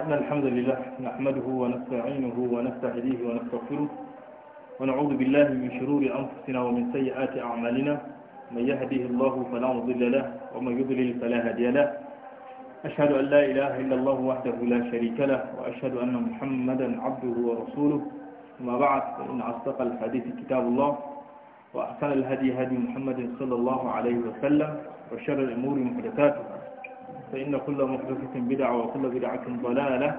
إن الحمد لله نحمده ونستعينه ونستهديه ونستغفره ونعوذ بالله من شرور أنفسنا ومن سيئات أعمالنا من يهده الله فلا مضل له ومن يضلل فلا هادي له أشهد أن لا إله إلا الله وحده لا شريك له وأشهد أن محمدا عبده ورسوله وما بعد فإن أصدق الحديث كتاب الله وأحسن الهدي هدي محمد صلى الله عليه وسلم وشر الأمور محدثاتها فإن كل محدثة بدعة وكل بدعة ضلالة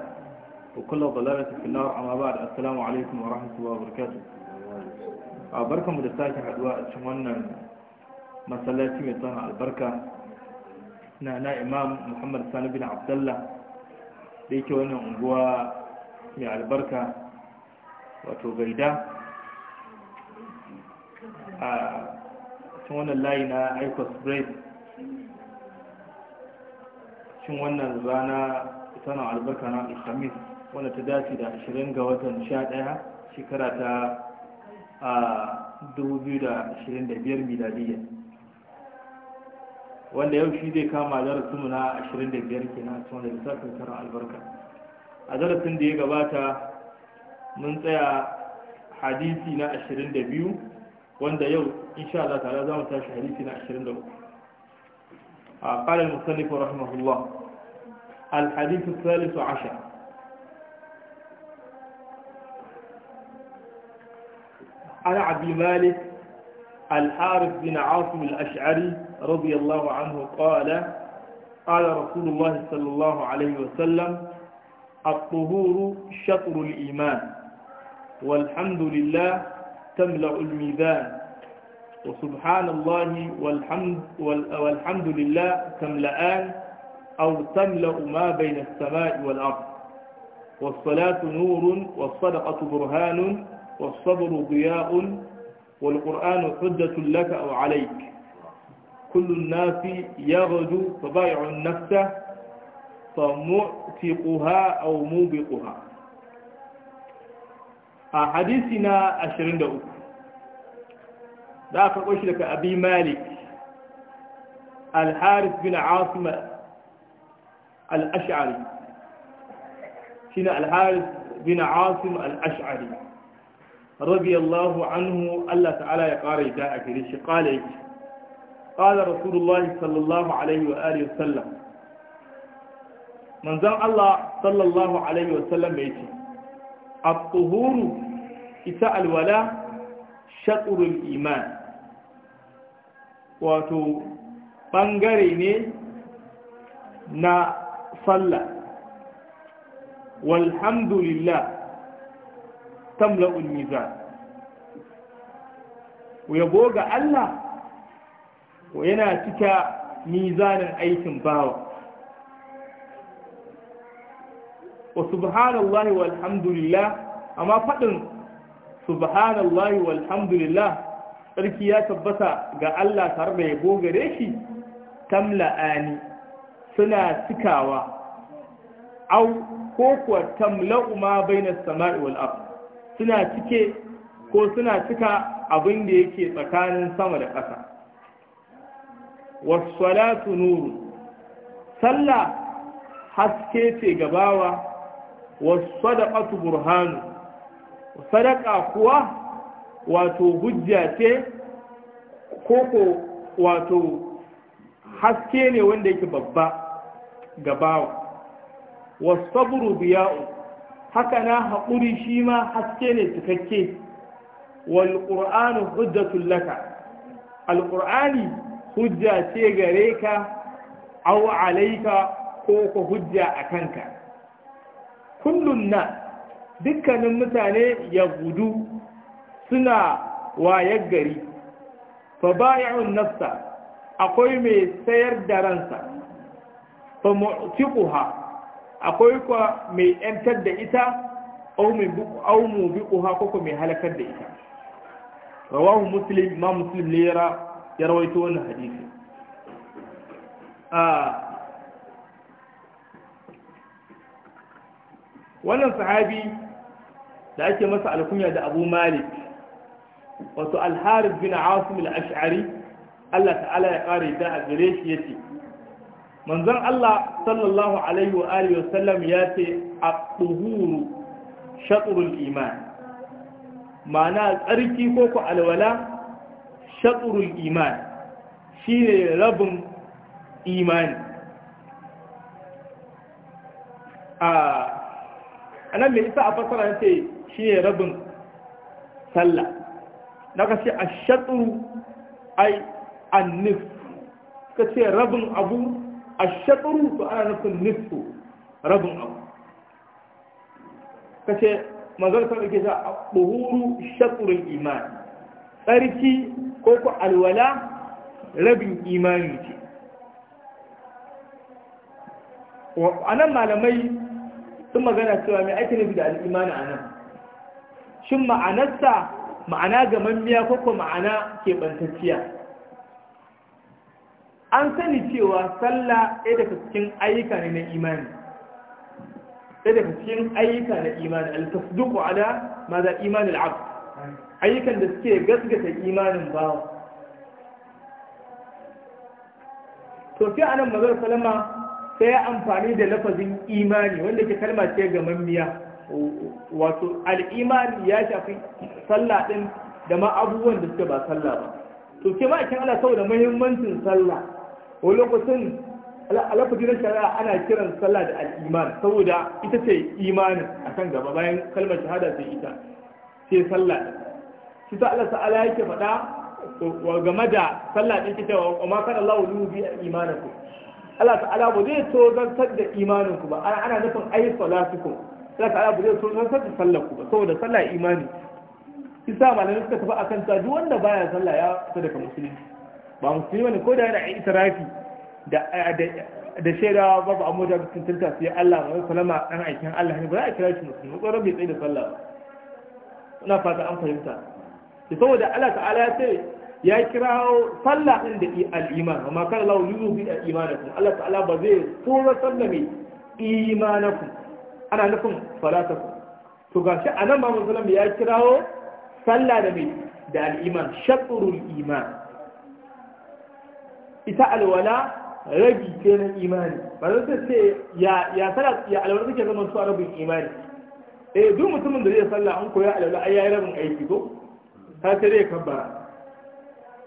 وكل ضلالة في النار أما بعد السلام عليكم ورحمة الله وبركاته أبركة مدساكي حدواء شمونا مسألة ميطان البركة نعنى إمام محمد ثاني بن عبد الله ليكي وانا أنقوى مع البركة وتوغيدا شمونا اللاينا أيكوس بريد cikin wannan rana na albarka na alhamis wanda ta dace da 20 ga watan 11 shekara ta a 2025 miladiyya wanda yau shi zai kama mu na 25 kenan a da ta tara albarka a darasin da ya gabata mun tsaya hadisi na 22 wanda yau insha Allah tare za mu tashi hadisi na 23 آه، قال المصنف رحمه الله الحديث الثالث عشر عن عبد مالك الحارث بن عاصم الأشعري رضي الله عنه قال قال رسول الله صلى الله عليه وسلم الطهور شطر الإيمان والحمد لله تملأ الميزان وسبحان الله والحمد, والحمد لله تملأان أو تملأ ما بين السماء والأرض والصلاة نور والصدقة برهان والصبر ضياء والقرآن حجة لك أو عليك كل الناس يغدو فبايع النفس فمعتقها أو موبقها آه، حديثنا أشرين دقيقة ذاك أشرك أبي مالك الحارث بن عاصم الأشعري شنا الحارث بن عاصم الأشعري رضي الله عنه الله تعالى يقاري داعك قال قال رسول الله صلى الله عليه وآله وسلم من زم الله صلى الله عليه وسلم يجي الطهور إتاء الولاء شطر الإيمان wato ɓangare ne na sallah walhamdulillah tamla mizan yabo ga Allah yana cika mizanin aikin bawa wa subhanallahi walhamdulillah amma faɗin subhanallahi walhamdulillah tsarki ya tabbata ga Allah tare da yabo gare shi tamla'ani suna cikawa au ko kuwa tamla'u ma bainas sama'i wal ard suna cike ko suna cika abin da yake tsakanin sama da ƙasa Salatu nuru sallah haske ce gabawa sadaqatu burhanu sadaqa kuwa wato hujja ce koko wato haske ne wanda yake babba ga bawa wasabru biya'u haka na haƙuri shi ma haske ne cikakke wal qur'anu hujjatul laka al qur'ani hujja ce gare ka au alayka ko ko hujja kanka. kullun na dukkanin mutane ya gudu suna wayar gari fa bayi'un nafsa akwai mai sayar da ransa fa mu'tiquha akwai kwa mai yantar da ita au mai au mubiquha ko mai halakar da ita rawahu muslim ma muslim ne ya rawaito wannan hadisi ah, wannan sahabi da ake masa alkunya da abu malik wato alharis bin asim al Allah ta'ala ya kare da a gare shi yace manzon Allah sallallahu alaihi wa alihi wasallam ya ce at-tuhuru shatrul iman ma'ana tsarki ko ku alwala shatrul iman shine rabin imani a anan me isa a fasara ce shine rabin sallah na ka ce a shaɗuru ai annif ka ce rabin abu a shaɗuru to ana nufin nisfu rabin abu ka ce mazarta da ke a ɓuhuru shaɗurin imani tsarki ko ku alwala rabin imani ce a nan malamai sun magana cewa mai aikin nufi da al'imani a nan shin ma'anarsa ma'ana gamammiya ko ko ma'ana keɓantacciya an sani cewa sallah ɗaya daga cikin ayyuka ne na imani ɗaya daga cikin ayyuka na imani al-tasduqu ala ma za imani al-abd ayyukan da suke gasgata imanin bawa to sai anan mazar salama sai ya amfani da lafazin imani wanda ke kalma ce ga mamiya. wato al'imani ya shafi sallah ɗin da ma abubuwan da suke ba sallah ba to ke ma akin sau saboda mahimmancin sallah a lokacin alafajin shari'a ana kiran sallah da al'iman saboda ita ce imanin a kan gaba bayan kalmar shahada ce ita ce sallah shi ta Allah ta'ala yake faɗa game da sallah ɗin kita wa Kuma kan Allah a imanin ku Allah ta'ala ba zai so zartar da imaninku ba ana nufin ai salatukum za ka ala ba zai sun san da sallar ku ba saboda sallah imani isa malamai suka tafi akan ta duk wanda baya sallah ya fita daga musulmi ba musulmi ne ko da yana itirafi da da shaidawa babu amma da cikin tilta sai Allah wa sallama dan aikin Allah ne ba za a kira shi musulmi tsoron bai tsaye da sallah ba ina fata an fahimta ki saboda Allah ta'ala ya ce ya kira sallah din da al-iman amma kana lahu yuzu bi al-imanakum Allah ta'ala ba zai tsoratar da mai imanakum ana nufin salata to gashi a nan ba salam ya kirawo sallah da mai da al'iman shaɗurul iman ita alwala ragi ce na imani ba zai ce ya sallah ya alwala take zama su a rabin imani eh duk mutumin da zai sallah an koya alwala ai yayi rabin aiki ko ta ce zai kabbara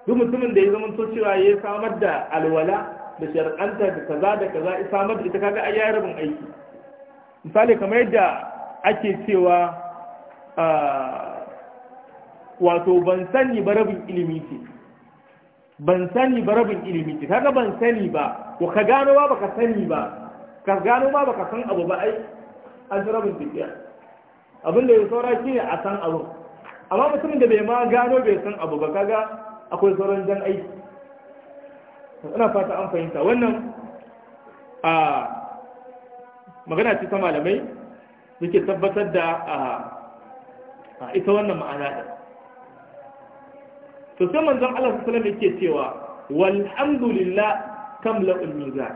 duk mutumin da ya zama to cewa ya samar da alwala da shar'anta da kaza da kaza ya samar da ita kaga ai yayi rabin aiki misali kamar yadda ake cewa wato ban sani ba rabin ilimi ce ban sani ba rabin ilimi ce kaga ban sani ba ko ka gano ba baka sani ba ka gano ba baka san abu ba ai an ji rabin tafiya abin da ya saura shi ne a san abu amma mutumin da bai ma gano bai san abu ba kaga akwai sauran jan aiki ina fata an fahimta wannan a magana ce ta malamai suke tabbatar da a ita wannan ma'ana da to sai manzon Allah sallallahu alaihi yake cewa walhamdulillah tamla'ul miza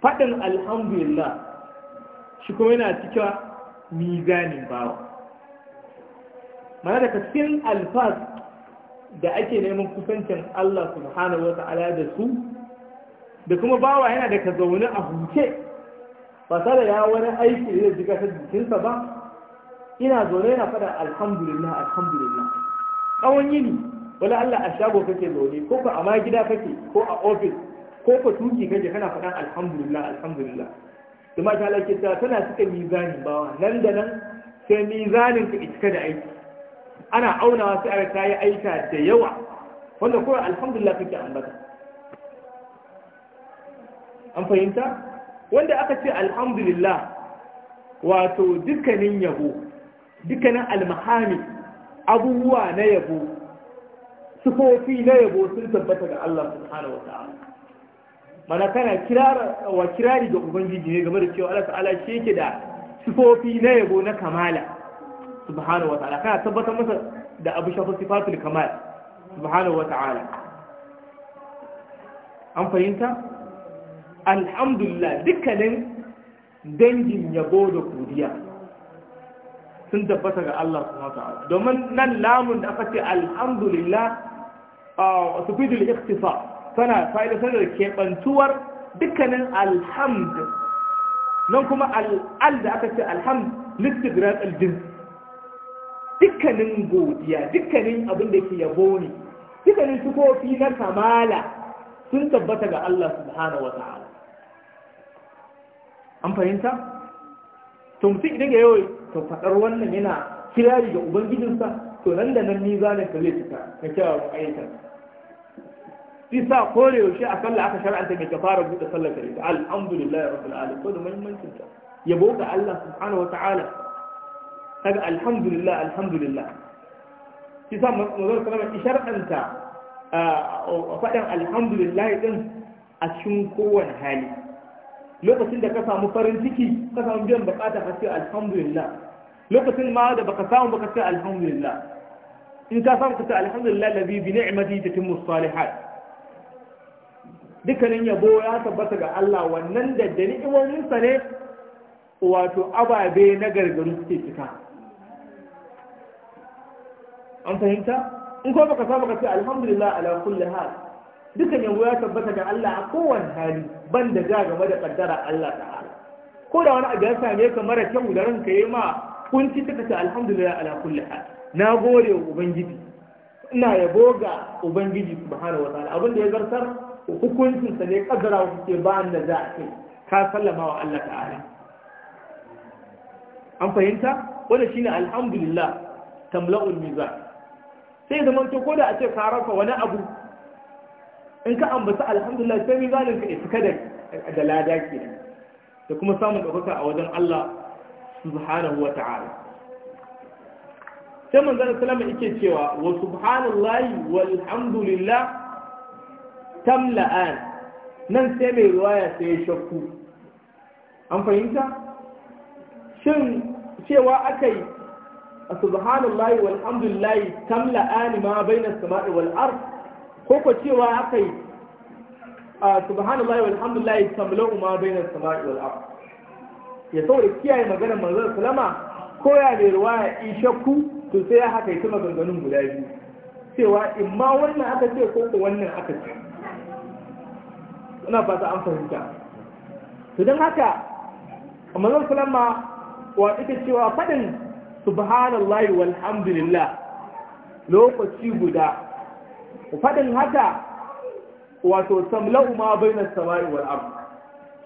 fadin alhamdulillah shi kuma yana cika mizanin bawa mana da cikin alfas da ake neman kusancin Allah subhanahu wa ta'ala da su da kuma bawa yana daga zaune a huce ba tare ya wani aiki da zai jika ta jikinsa ba ina zaune na faɗa alhamdulillah alhamdulillah tsawon yini wani Allah a shago kake zaune ko ku a ma gida kake ko a ofis ko ka tuki kake kana faɗan alhamdulillah alhamdulillah ma ta ke ta tana cika mizanin bawa nan da nan sai mizanin ka cika da aiki ana aunawa sai aka kayi aika da yawa wanda ko alhamdulillah kake ambata an fahimta wanda aka ce alhamdulillah wato dukkanin yabo dukkanin almahami abubuwa na yabo sufofi na yabo sun tabbata ga Allah subhanahu wa ta'ala mana kana kirara wa kirari ga ubangiji ne game da cewa Allah ta'ala shi yake da sufofi na yabo na kamala subhanahu wa ta'ala kana tabbatar masa da abu shafa sifatul kamal subhanahu wa ta'ala an fahimta alhamdulillah dukkanin dangin yabo da godiya sun tabbata ga Allah subhanahu ta'ala domin nan lamun da aka ce alhamdulillah a tufidul ikhtifa tana fa'idatar da keɓantuwar dukkanin alhamd nan kuma al da aka ce alhamd listigrat aljin dukkanin godiya dukkanin abin da ke yabo ne dukkanin sukofi na kamala sun tabbata ga Allah subhanahu wa ta'ala an fahimta to mutum idan ya yawai to faɗar wannan yana kirari ga ubangijinsa to nan da nan nizanin ka zai cika na kyawawan ayyukan shi sa kore yaushe a sallah aka shar'anta mai ka fara buɗe sallar kare ta alhamdulillah ya rabbul alamin ko da muhimmancin ta yabo ga Allah subhanahu wata'ala kaga alhamdulillah alhamdulillah shi sa manzon sallama shar'anta a faɗin alhamdulillah din a cikin kowane hali lokacin da ka samu farin ciki ka samu biyan bukata ka ce alhamdulillah lokacin ma da baka samu baka ce alhamdulillah in ka samu ka ce alhamdulillah ladhi bi ni'mati tatimmu salihat dukkanin yabo ya tabbata ga Allah wannan da da ni'imomin sa ne wato ababe na gargaru suke cika an fahimta in ko baka samu ka ce alhamdulillah ala kulli hal dukan yabo ya tabbata ga Allah a kowane hali ban da za game da kaddara Allah hala ko da wani abu ya same ka mara kyau da ranka yi ma kunci ta kasa alhamdulillah ala kulli hal na gode wa ubangiji ina yabo ga ubangiji subhanahu wa ta'ala abin da ya zartar hukuncin sa ne kaddara kuke ba da za a kai ka sallama wa Allah ta'ala an fahimta wanda shine alhamdulillah tamla'ul mizan sai zaman to ko da a ce ka rafa wani abu in ka ambata alhamdulillah sai mizanin ka iska da lada ke da kuma samun ɗaukaka a wajen Allah subhanahu wa ta'ala sai manzara salama yake cewa wa subhanallahi walhamdulillah tamla'an nan sai mai riwaya sai ya shakku an fahimta shin cewa akai subhanallahi walhamdulillah tamla'an ma bainas sama'i wal ardh ko ko cewa aka yi subhanallahi walhamdulillahi tamlau ma bainas sama'i wal ard ya saboda kiyaye maganar manzon sallama ko ya bai ya ishakku to sai ya haka ita maganganun guda biyu cewa in ma wannan aka ce ko ko wannan aka ce ina fata an fahimta to don haka manzon sallama wa ita cewa fadin subhanallahi walhamdulillah lokaci guda faɗin haka wato samla'u ma bai na samari abu,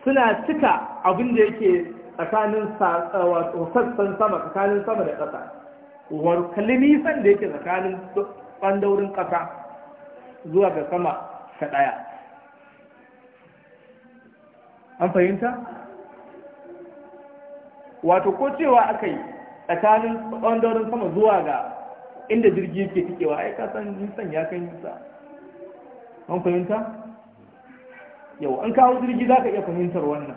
suna cika abin da yake tsakanin sassan sama tsakanin sama da ƙasa war kalli nisan da yake tsakanin ɓandaurin ƙasa zuwa ga sama ka ɗaya an fahimta wato ko cewa aka yi tsakanin ɓandaurin sama zuwa ga inda jirgi yake tikewa ai ka san nisan ya kai nisa an fahimta yau an kawo jirgi za ka iya fahimtar wannan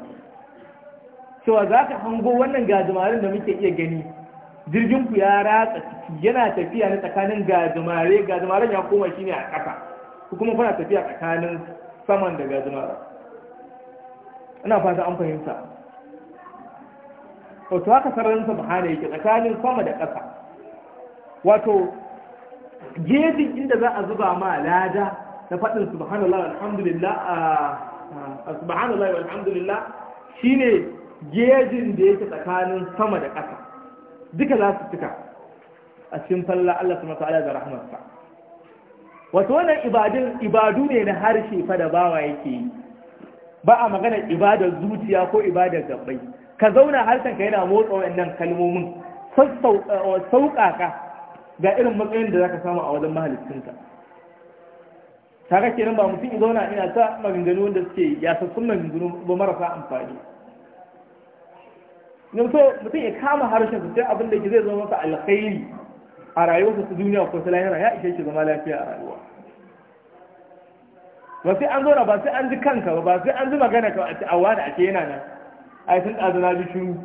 cewa za ka hango wannan gajimarin da muke iya gani Jirgin ku ya ratsa ciki yana tafiya na tsakanin gajimare gajimaren ya koma shi ne a ƙasa Ku kuma kuna tafiya tsakanin saman da gajimaren ina fata an fahimta wato haka sararin subhana yake tsakanin sama da ƙasa wato gejin inda za a zuba ma lada na faɗin subhanallah alhamdulillah a subhanallah alhamdulillah shine gejin da yake tsakanin sama da ƙasa duka za su cika a cikin falla Allah su wa da wato wannan ibadun ibadu ne na harshe fa da bawa yake yi ba a magana ibadar zuciya ko ibadar gabbai ka zauna harshen ka yana motsa wayannan kalmomin eh, sauƙaƙa ga irin matsayin da zaka samu a wajen mahalicinka kaga kenan ba mutum ido zauna ina ta maganganu wanda suke ya sassun maganganu ba marasa amfani nan so mutum ya kama harshen su sai abin da zai zama masa alkhairi a rayuwarsa su duniya ko ta lahira ya ishe shi zama lafiya a rayuwa ba sai an zauna ba sai an ji kanka ba sai an ji magana ka a ce awa da ake yana nan a yi sun na ji shiru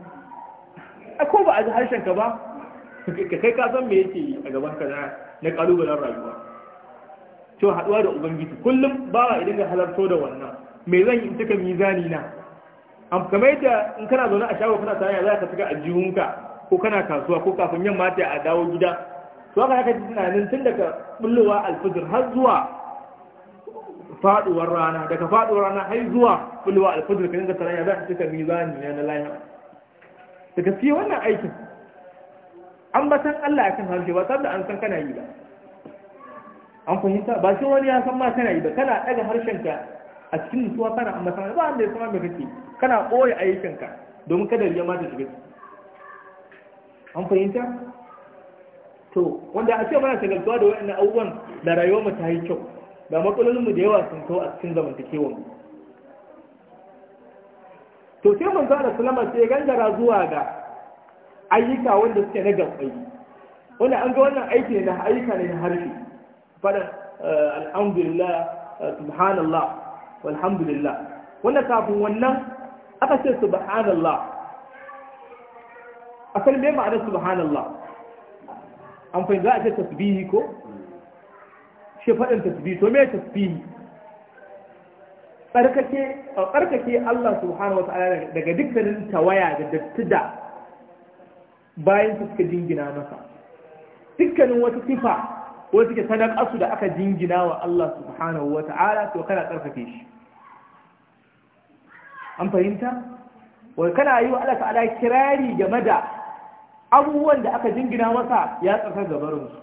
a ko ba a ji harshen ka ba ka kai ka san me yake a gaban ka na kalubalen rayuwa to haduwa da ubangiji kullum ba wa idan ka halarto da wannan me zan yi duka mizani na am kamar yadda in kana zaune a shago kana tsaya za ka cika jihunka, ko kana kasuwa ko kafin yamma ta a dawo gida to haka haka tunanin tun daga bullowa alfajir har zuwa faduwar rana daga faduwar rana har zuwa bullowa alfajir kan tsaya za ka cika mizani na lafiya daga gaskiya wannan aikin san Allah kan harshe ba tare an san kana yi ba an fahimta ba sai wani ya san ma kana yi ba kana daga harshenka a cikin nutsuwa kana ambatan ba wanda ya san me kake kana koyi ayyukanka domin kada ya mata shi shiga an fahimta to wanda a ce mana shagaltuwa da waɗannan abubuwan da rayuwar mu ta yi kyau da matsalolin mu da yawa sun kawo a cikin zamantakewar mu to sai manzo Allah sallama sai gangara zuwa ga ayyuka wanda suke na gabbai wanda an ga wannan aiki na ayyuka ne na harfi faɗin eh, alhamdulillah eh, subhanallah walhamdulillah wanda kafin wannan aka ce subhanallah asali me ma'anar subhanallah an fahimta za a ce tasbihi ko shi faɗin tasbihi to me tasbihi tsarkake Allah subhanahu wa ta'ala daga dukkanin tawaya da dattida. bayan su suka jingina masa dukkanin wata sifa wata suke sadaqasu da aka jingina wa Allah subhanahu wa ta'ala to kana tsarkake shi an fahimta wai kana yi wa Allah ta'ala kirari game da abubuwan da aka jingina masa ya tsarkar da barin su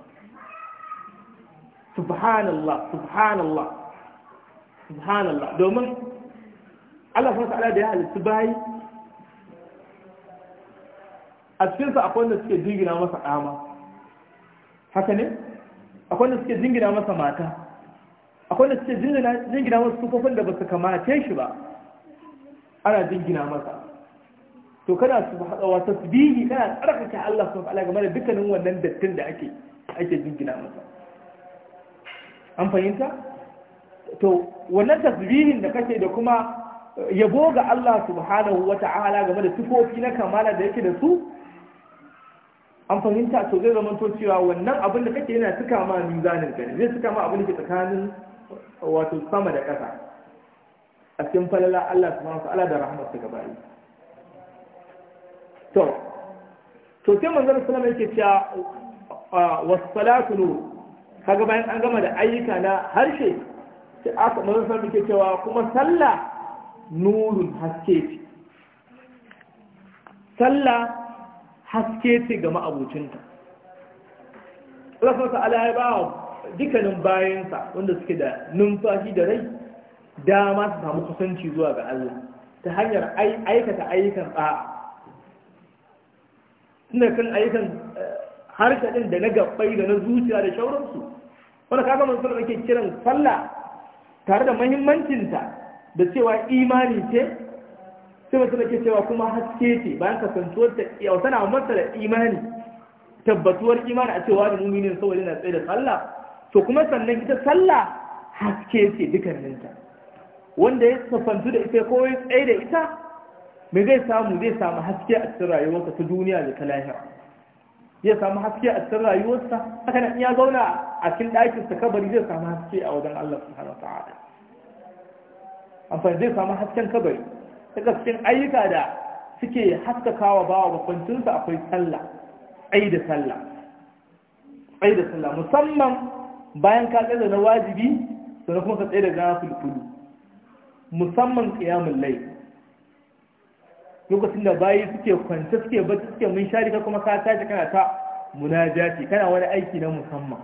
subhanallah subhanallah subhanallah domin Allah subhanahu wa da ya halittu bayi a cikinsa akwai wanda suke jingina masa ɗama haka ne akwai wanda suke jingina masa mata akwai wanda suke jingina masa sufofin da ba su kamace shi ba ana jingina masa to kana su haɗawa tasbihi kana tsarkake Allah subhanahu ala game da dukkanin wannan dattin da ake ake jingina masa an fahimta to wannan tasbihin da kake da kuma yabo ga Allah subhanahu wata'ala game da sifofi na kamala da yake da su an fahimta to zai zama to cewa wannan abin da kake yana suka ma mizanin ka ne zai suka ma abin da ke tsakanin wato sama da ƙasa a cikin falala Allah subhanahu wa ta'ala da rahmat ta gaba to to sai manzon sallallahu alaihi wasallam yake cewa was-salatu nur kaga bayan an gama da ayyuka na harshe sai aka manzon sallallahu alaihi wasallam yake cewa kuma sallah nurun haske ce sallah haske ce ga ma'abucinta Allah ta'ala ya ba wa dukkanin bayansa wanda suke da numfashi da rai dama su samu kusanci zuwa ga Allah ta hanyar aikata ayyukan ɗa'a suna kan ayyukan eh, harshe ɗin da na gabbai da na zuciya da shauransu wanda kaka mun sanar kiran sallah tare da mahimmancinta, da cewa imani ce sai mutum ke cewa kuma haske ce bayan kasantuwar ta yau tana masa da imani tabbatuwar imani a cewa da muminin saboda yana tsaye da sallah to kuma sannan ita sallah haske ce dukkaninta wanda ya safantu da ita ko ya tsaye da ita me zai samu zai samu haske a cikin rayuwarsa ta duniya da ta lahira zai samu haske a cikin rayuwarsa haka nan ya zauna a cikin ɗakin sa kabari zai samu haske a wajen Allah subhanahu wa ta'ala amfani zai samu hasken kabari daga cikin ayyuka da suke haskakawa bawa makwancinsa akwai sallah ai da sallah ai da sallah musamman bayan ka tsaye da na wajibi sannan kuma ka tsaye da na fulfulu musamman kiyamun lai lokacin da bayi suke kwance suke bacci suke mun shari ka kuma ka tashi kana ta munajati kana wani aiki na musamman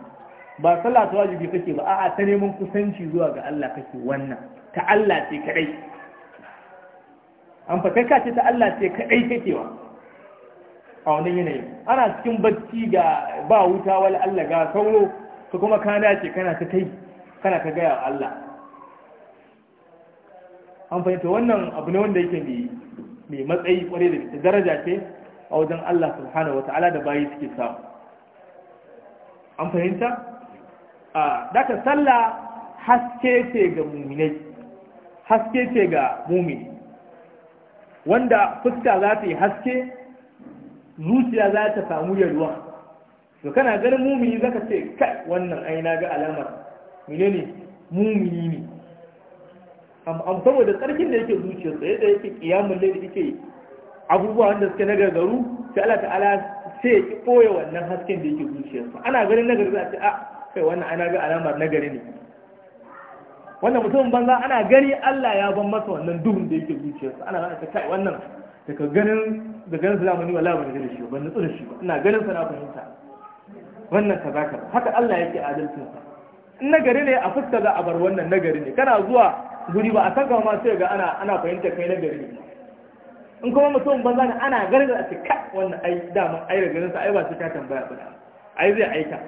ba sallah ta wajibi kake ba a'a ta neman kusanci zuwa ga Allah kake wannan ta Allah ce kadai an ka ce ta Allah ce kaɗai kakewa a wannan yanayi ana cikin bacci ga ba wuta wal Allah ga sauro ko kuma ka dace kana ta kai kana ta gaya wa Allah an fahimta wannan abu ne wanda yake mai matsayi kware da gaske daraja ce a wajen Allah subhanahu wata'ala da bayi suke samu an fahimta a daga sallah haske ce ga mumini haske ce ga mumini wanda fuska za ta yi haske zuciya za ta samu yalwa to kana ganin mumini zaka ce kai wannan ai na ga alamar menene mumini ne amma saboda tsarkin da yake zuciyar sa yadda yake kiyamun da yake abubuwa wanda suke na gargaru sai Allah ta'ala sai ya ki koya wannan hasken da yake zuciyarsa. ana ganin nagari za a ce a ah, kai wannan ana ga alamar nagari ne wannan mutumin banza ana gani Allah ya ban masa wannan duhun da yake zuciyarsa ana ba ta kai wannan daga ganin da ganin sa zamani wallahi ban gani shi ba nutsu da shi ba ina ganin sa na fahimta wannan kaza zaka haka Allah yake adalcin sa in nagari ne a fuska za a bar wannan nagari ne kana zuwa guri ba a san kama ma sai ga ana ana fahimta kai nagari ne in kuma mutum banza ne ana ganin da a ce kai wannan ai mun ai da ganin sa ai ba sai ka tambaya ba ai zai aika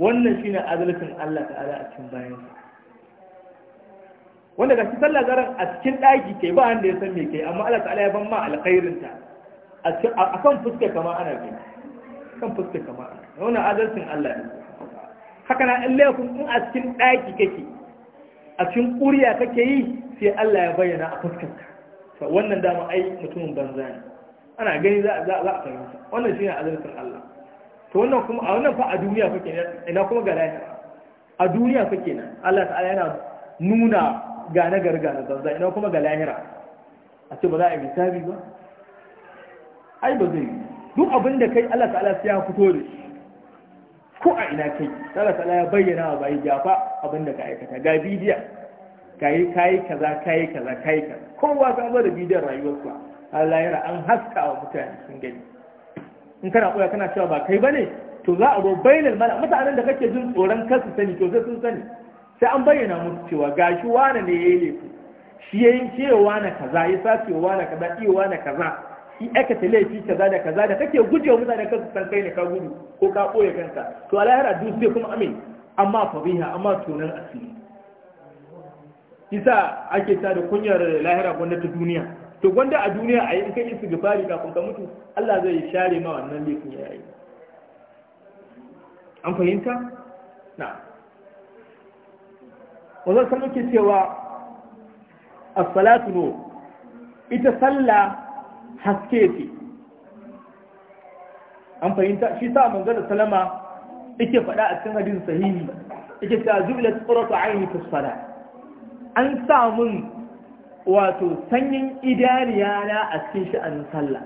wannan shine adalcin Allah ta'ala a cikin bayansa wanda ga shi sallah garan a cikin ɗaki ke ba wanda ya san me kai amma Allah ta'ala ya ban ma alkhairin ta a kan fuska kama ana gani kan fuska kama ana wannan adalcin Allah ne haka na in laifin in a cikin ɗaki kake a cikin kuriya kake yi sai Allah ya bayyana a fuskarka to wannan dama ai mutumin banza ne ana gani za a fahimta wannan shine adalcin Allah to wannan kuma a wannan fa a duniya kake ne ina kuma ga lahira a duniya kake ne Allah ta'ala yana nuna ga na garga zanza ina kuma ga lahira a ce ba za a yi hisabi ba ai ba zai duk abin da kai Allah ta'ala sai ya fito da ko a ina kai Allah ta'ala ya bayyana wa bai jafa abin da ka aikata ga bidiya kai kai kaza kai kaza kai kaza kowa ka zo da bidiyar rayuwarsa Allah ra an haska wa mutane sun gani in kana koya kana cewa ba kai bane to za a ro bainal mala mutanen da kake jin tsoron kansu sani to sai sun sani sai an bayyana musu cewa gashi wane ne yayi ne shi yayi cewa na kaza ya sace wane na kaza iya na kaza shi aka tale laifi kaza da kaza da kake gujewa mutanen kansu san kai ne ka gudu ko ka koya kanka to alahira duk sai kuma amin amma fabiha amma tunan asiri isa ake ta da kunyar lahira gwamnati duniya to gwanda a duniya a yi kai istighfari kafin ka mutu Allah zai share ma wannan laifin ya yi an fahimta na wannan san muke cewa as-salatu no ita sallah haske ce an fahimta shi sa manzon sallama yake faɗa a cikin hadisi sahihi yake cewa jubilat qurratu ayni fi salat an samun wato sanyin idariya na a cikin sha'anin sallah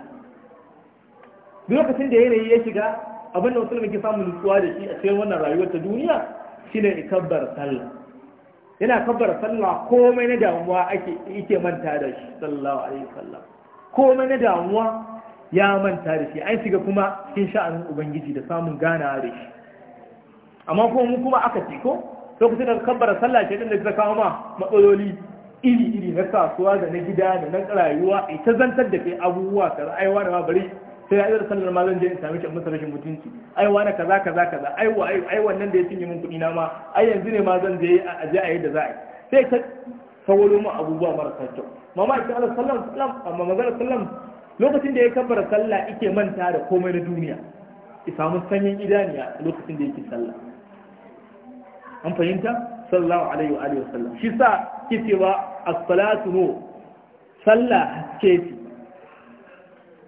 lokacin da yanayi ya shiga abin da musulmi ke samun nutsuwa da shi a cikin wannan rayuwar ta duniya shine kabbar sallah yana kabbar sallah komai na damuwa ake ike manta da shi sallallahu alaihi wasallam komai na damuwa ya manta da shi an shiga kuma cikin sha'anin ubangiji da samun gana da shi amma kuma mu kuma aka ce ko lokacin da kabbar sallah ke din da ta kawo ma matsaloli iri-iri na kasuwa da na gida da na rayuwa ita zantar da kai abubuwa ka aiwa da ma bari sai ya yi sallar ma zan je in sami shi masa rashin mutunci aiwa na kaza kaza kaza aiwa aiwa nan da ya cinye min kuɗi na ma ai yanzu ne ma zan je a je a yi da za a yi sai ka sawalo mu abubuwa marasa kyau mama ita ala sallam sallam amma magana sallam lokacin da ya kabbara sallah ike manta da komai na duniya ya samu sanyin idaniya lokacin da yake sallah an fahimta sallallahu alaihi wa alihi wasallam shi sa ki cewa a salatu nu sallah haske ce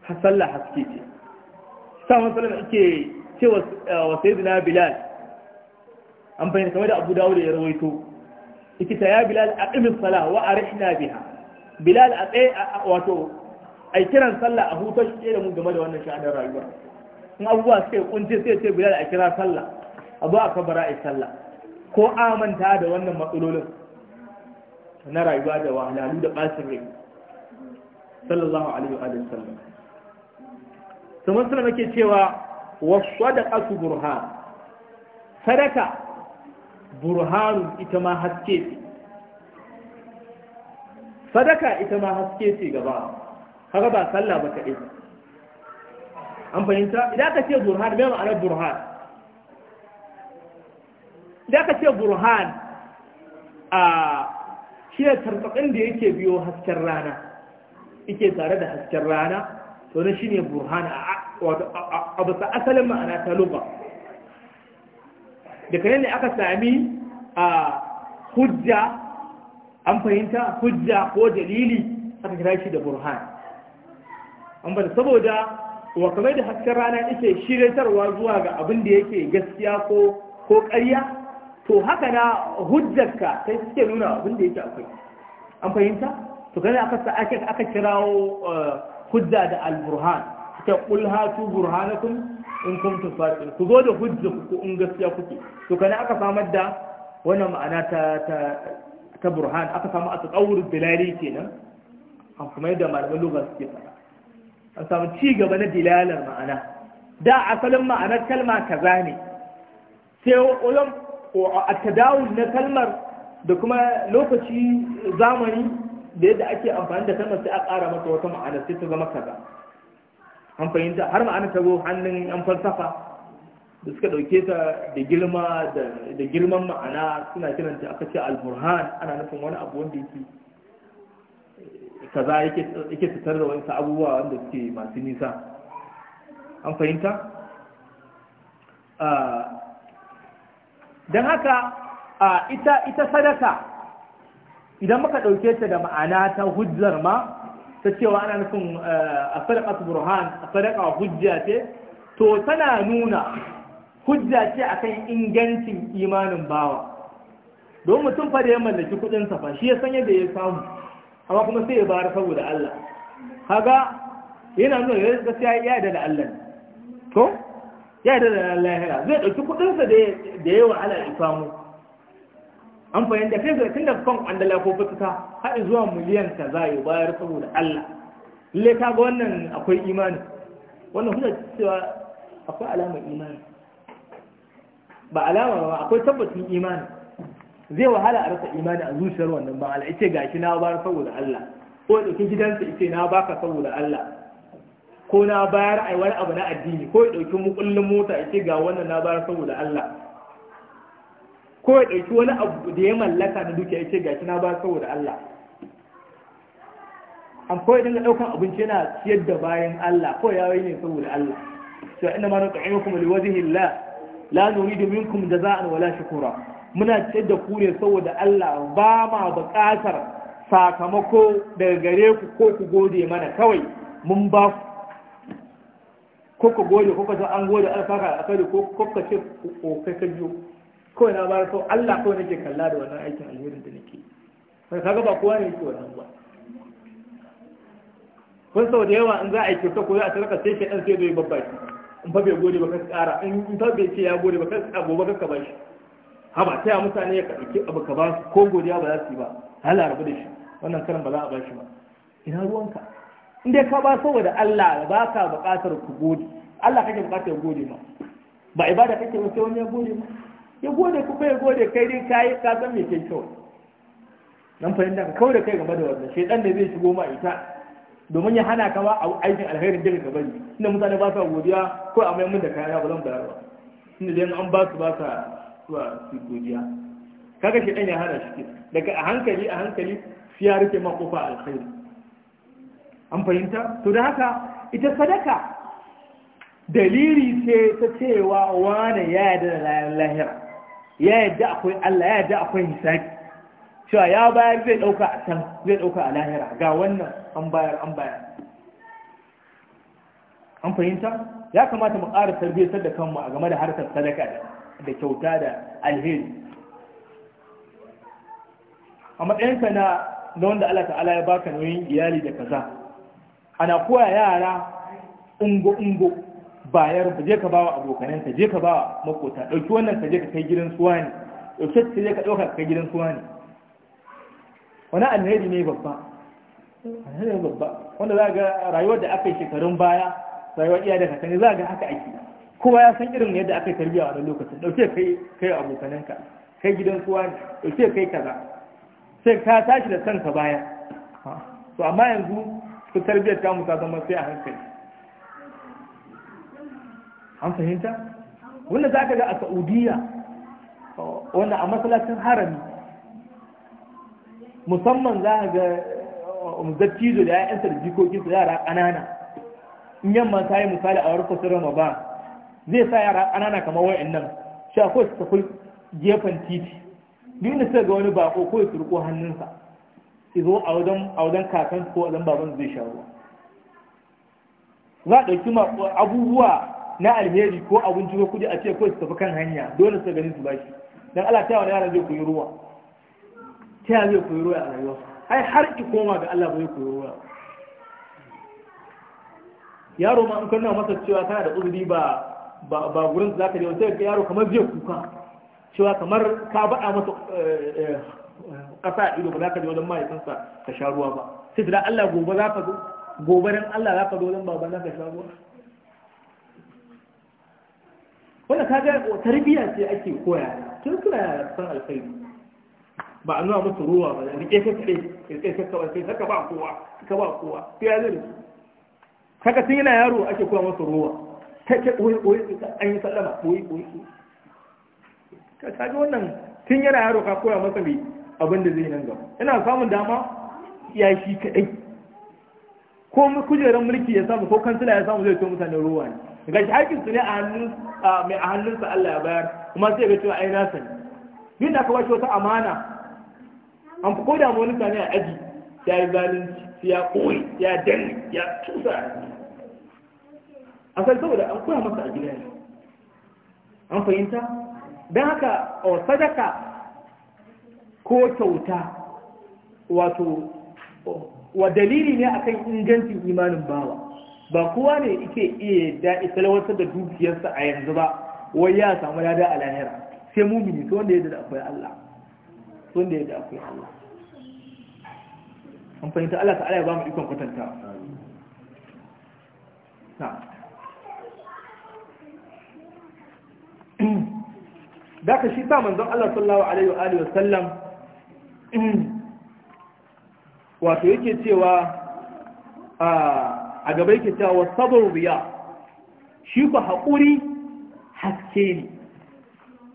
ha sallah haske ce sama sallama ake ce eh, wa sayyidina bilal an bayyana kamar da abu da ya rawaito yake ta ya bilal a aqimis salah wa arihna biha bilal a tsaye wato a kiran sallah a hutar shi da mu game da wannan sha'anin rayuwa in abubuwa suka yi kunce sai ce bilal a kira sallah abu a kabara a sallah ko amanta da wannan matsalolin na rayuwa da wahalhalu da ɓacin rai sallallahu alaihi wa sallam kuma suna nake cewa wasu da ƙasu burhan sadaka burhanun ita ma haske ce sadaka ita ma haske ce gaba haka ba sallah ba kaɗai an fahimta idan ka ce burhan mai ma'anar burhan idan ka ce burhan a shi ne da yake biyo hasken rana yake tare da hasken rana to na shi ne burhana a bisa asalin ma'ana ta luba da kanan ne aka sami a hujja an fahimta hujja ko dalili aka kira shi da burhan an bada saboda wa kamar da hasken rana yake shiryatarwa zuwa ga abin da yake gaskiya ko ƙarya to haka na hujjarka sai suke nuna abin da yake akwai an fahimta to gani aka sa aka kirawo eh, hujja da alburhan ta kulha hatu burhanakum in kuntum fatin, ku zo da hujja ku in gaskiya kuke to kana aka samar da wannan ma'ana ta ta burhan aka samu a tsawur bilali kenan an kuma yadda malaman lugha suke fara an samu ci gaba na dilalar ma'ana da asalin ma'anar kalma kaza ne sai ulum ko a tadawul na kalmar da kuma lokaci zamani da yadda ake amfani da kalmar sai a ƙara masa wata ma'ana sai ta zama kaza an fahimta har ma'ana ta zo hannun yan falsafa da suka ɗauke ta da girma da girman ma'ana suna kiranta aka ce al-burhan ana nufin wani abu wanda yake eh, kaza yake fitar da wani abubuwa wanda suke masu nisa an fahimta ah, don haka ita ita sadaka idan muka ɗauke ta da ma'ana ta hujjar ma ta cewa ana nufin eh, a sadaka burhan a sadaka hujja ce to tana nuna hujja ce akan ingancin imanin bawa don mutum fa da ya mallaki kudin fa shi ya sanya da ya samu amma kuma sai ya bayar saboda Allah kaga yana nuna gaskiya ya da Allah to ya yi da lahira zai ɗauki kuɗinsa da yawa ala samu an fahimta kai zai tun da kan ƙwandala ko fituka haɗin zuwa miliyan ka za yi bayar saboda Allah lalle ka ga wannan akwai imani wannan kuna cewa akwai alamar imani ba alama ba akwai tabbacin imani zai wahala a rasa imani a zuciyar wannan ba ala ita gashi na bayar saboda Allah ko da gidansa ita na baka saboda Allah ko na bayar a wani abu na addini ko ya ɗauki mukullin mota ya ce ga wannan na bayar saboda Allah ko ya ɗauki wani abu da ya mallaka na dukiya ya ce ga shi na bayar saboda Allah an kawai dinga ɗaukan abinci yana ciyar da bayan Allah ko ya yi ne saboda Allah cewa inda ma na ƙa'imu kuma domin la da nuridu minkum jaza'an wala shukura muna ciyar da ku ne saboda Allah ba ma buƙatar sakamako daga gare ku ko ku gode mana kawai mun ba ku ko ka gode ko ka san an gode an saka alkhairi ko ko ka ce ko kai ka biyo kawai na bayar kawai Allah ko nake kalla da wannan aikin alherin da nake sai kaga ba kowa ne yake wannan ba kun sau da yawa in za a yi kyauta ko za a tarka sai shaidan sai zai shi in fa bai gode ba ka tsara in fa bai ce ya gode ba ka tsara gobe ka bashi ha ba taya mutane ya ɗauki abu ka ba ko godiya ba za su yi ba hala rabu da shi wannan karin ba za a bashi ba ina ruwanka dai ka ba saboda Allah ba ka buƙatar ku gode Allah kake buƙatar gode ma ba ibada kake ba sai wani ya gode ma ya gode kuma ya gode kai dai kayi ka san me ke kyau nan fahimta ka kawai da kai gaba da wannan shaidan da zai shigo ma ita domin ya hana ka ba a aikin alherin jirgin gaba ne inda mutane ba sa godiya ko a mayan da kayana ba zan bayar ba inda dai an ba su ba sa zuwa su godiya kaga shi ya hana shi daga a hankali a hankali shi ya rike ma kofa alheri an fahimta to da haka ita sadaka dalili ce ta cewa wane ya yadda da layar lahira ya da akwai Allah ya da akwai hisabi cewa ya bayar zai dauka a can zai dauka a lahira ga wannan an bayar an bayar an fahimta ya kamata mu ƙara tarbiyyar da kanmu a game da harkar sadaka da kyauta da alheri a matsayinka na wanda Allah ta'ala ya baka nauyin iyali da kaza ana koya yara ungo-ungo bayar ba je ka bawa abokananka je ka bawa makota ɗauki wannan ka je ka kai gidan suwa ne ɗauki ka je ka ɗauka ka kai gidan suwa ne wani alheri ne babba alheri ne babba wanda za ga rayuwar da aka yi shekarun baya rayuwar iya da sani za ga haka ake kowa ya san irin yadda aka yi tarbiyya a wani lokacin ɗauke kai kai abokananka kai gidan suwa ne ɗauke kai kaza sai ka tashi da kanka baya to amma yanzu su tarbiyyar ta musa zama sai a hankali an fahimta wanda za ka ga a saudiya wanda a masallacin harami musamman za ka ga zo uh, um, da ya'yansa da jikokinsa yara ƙanana in yamma ta yi misali a warfa sirrin ba zai sa yara ƙanana kamar wa'in nan shafo su tafi gefen titi duk da suka ga wani bako ko ya turko hannunsa izo a wajen a wajen kakan ko wajen baban zai sha ruwa za a ɗauki abubuwa na alheri ko abin ko kudi a ce kawai su tafi kan hanya dole su gani su ba shi, don Allah ta wani yaran zai koyi ruwa ta yaya zai koyi ruwa a rayuwa ai har ki koma ga Allah ba zai koyi ruwa yaro ma in kana masa cewa kana da uzuri ba ba gurin za ka je sai yaro kamar zai kuka cewa kamar ka bada masa eh, eh, kasa ido ba za ka ji wajen mahaifinsa ka sha ruwa ba sai da Allah gobe za ka zo gobe dan Allah za ka zo wajen baban za ka sha ruwa wanda ka ga tarbiyya ce ake koya tun suna san alkhairi ba a nuna musu ruwa ba ne ke kake rike ka kawai sai ka ba kowa ka ba kowa sai ya zai saka tun yana yaro ake koya musu ruwa ta ce oyi koyi an yi sallama oyi oyi ka ga wannan tun yana yaro ka koya masa mai abin da zai nan gaba ina samun dama ya shi kaɗai ko kujerar mulki ya samu ko kansila ya samu zai to mutane ruwa ne ga shi haƙƙin su ne a hannun mai a sa Allah ya bayar kuma sai ga cewa ai na sani duk da aka shi wata amana an fi koda mu wani sani a aji ya yi zalunci ya koyi, ya danne ya tusa a sai saboda an koya masa a gida ne an fahimta don haka a sadaka ko kyauta wato wa dalili ne akan ingancin imanin bawa ba kowa ne yake iya yadda isalawatar da dukiyarsa a yanzu ba wai ya samu lada a lahira sai mumini to wanda ya da akwai Allah to wanda ya da akwai Allah an fahimta Allah ta'ala ya ba mu ikon kwatanta na'am da ka shi sa manzon Allah sallallahu alaihi wa alihi sallam wato yake cewa a gaba yake cewa wa sabon biya shi ku haƙuri haske ne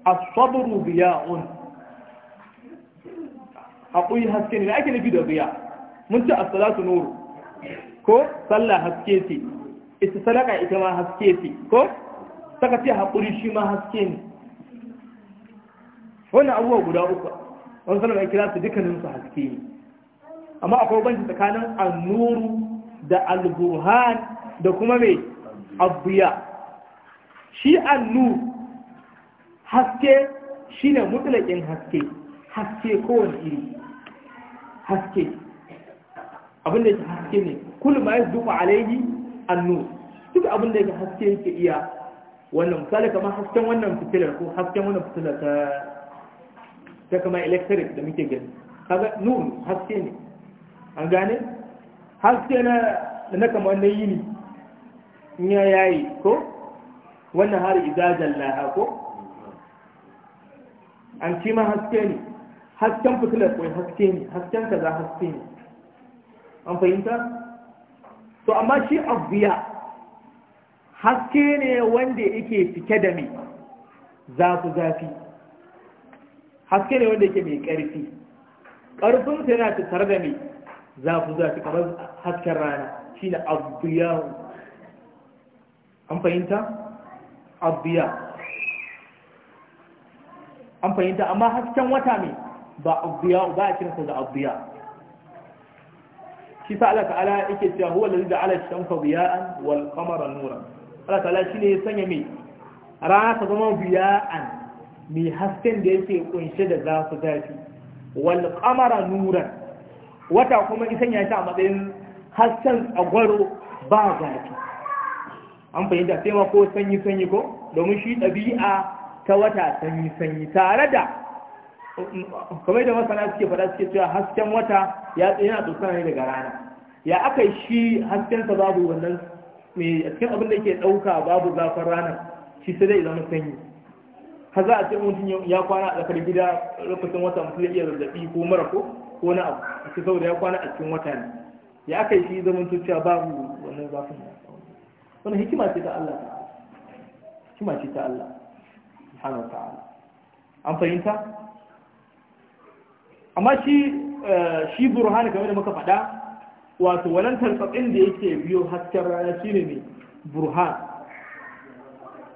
a sabar biya un haƙuri haske ne da ake nufi da biya mun ce a salatu nuru ko sallah haske ce ita salaka ita ma haske ce ko saka ce haƙuri shi ma haske ne wani abubuwa guda uku wani sanar da kira su dukkanin su haske ne amma akwai banci tsakanin annuru da alburhan da kuma mai abuya shi annu haske shi ne mutulakin haske haske kowane iri haske abinda yake haske ne kullum ma ya zuwa alaihi annu duk abinda yake haske yake iya wannan misali kamar hasken wannan fitilar ko hasken wannan fitilar ta ta kama electric da muke gani kaga nur haske ne an gane haske na na kama wannan yini in ya yayi ko wannan har izajen laha ko an ci ma haske ne hasken fitilar ko haske ne hasken kaza haske ne an fahimta to amma shi abuya haske ne wanda yake fike da mai zafi-zafi haske ne wanda yake mai ƙarfi ƙarfin sa yana fitar da mai zafi zafi kamar hasken rana shi ne abdiyahu an fahimta abdiya an fahimta amma hasken wata ne ba abdiya ba a kiransa da abdiya shi sa Allah ta'ala yake cewa huwa da ja'ala ash-shamsa biya'an wal qamara nuran Allah ta'ala ne ya sanya mai rana ta zama biya'an mai hasken da yake kunshe da zafi zafi wal qamara nuran wata kuma isan ya ta matsayin hasken tsagwaro ba zafi an fahimta sai ma ko sanyi sanyi ko domin shi ɗabi'a ta wata sanyi sanyi tare da kuma da masana suke faɗa suke cewa hasken wata ya yana dukkan ne daga rana ya aka shi haskensa babu wannan mai cikin abin da yake ɗauka babu zafin rana shi sai dai zama sanyi Ka za a ce mutum ya kwana a tsakar gida lokacin wata mutum zai iya zazzabi ko mara ko ko na abu shi saboda ya kwana a cikin wata ne ya aka yi shi zaman cewa babu wannan zafin wannan hikima ce ta Allah hikima ce ta Allah subhanahu wa ta'ala an fahimta amma shi eh, shi burhani kamar da muka faɗa wato wannan tarfatsin da yake biyo hasken rana shine ne burhan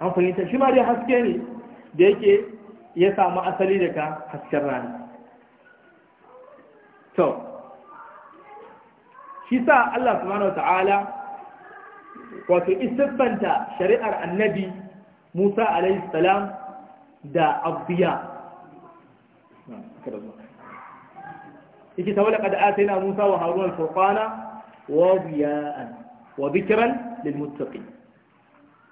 an fahimta shi ma dai haske ne da yake ya samu asali daga hasken rana to shi sa Allah subhanahu ta'ala wato istiffanta shari'ar annabi Musa alaihi salam da abdiya yake ta wadda kada ata yana Musa wa Harun al wa biya'an wa bikran lil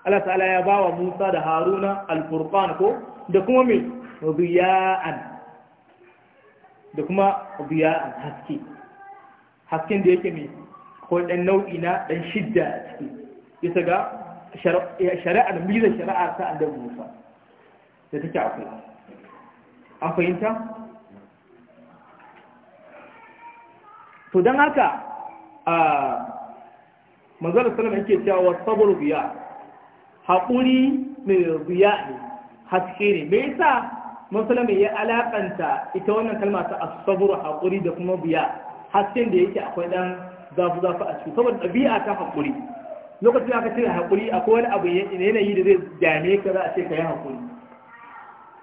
Allah ta'ala ya bawa Musa da Haruna al-Furqan ko da kuma me biya'an da kuma diya'an haske hasken da yake me ko dan nau'i na dan shidda a ciki bisa ga shari'a da mizan shari'a ta annabi Musa da take akwai an fahimta to dan haka a ah, manzon sallallahu alaihi wasallam yake cewa sabru biya haƙuri mai wuya ne haske ne me sa musulmi ya alakanta ita wannan kalma ta asabur haƙuri da kuma biya hasken da yake akwai dan zafi zafi a cikin, saboda ɗabi'a ta haƙuri lokacin aka ce haƙuri akwai wani abu yanayi da zai dame ka za a ce ka yi haƙuri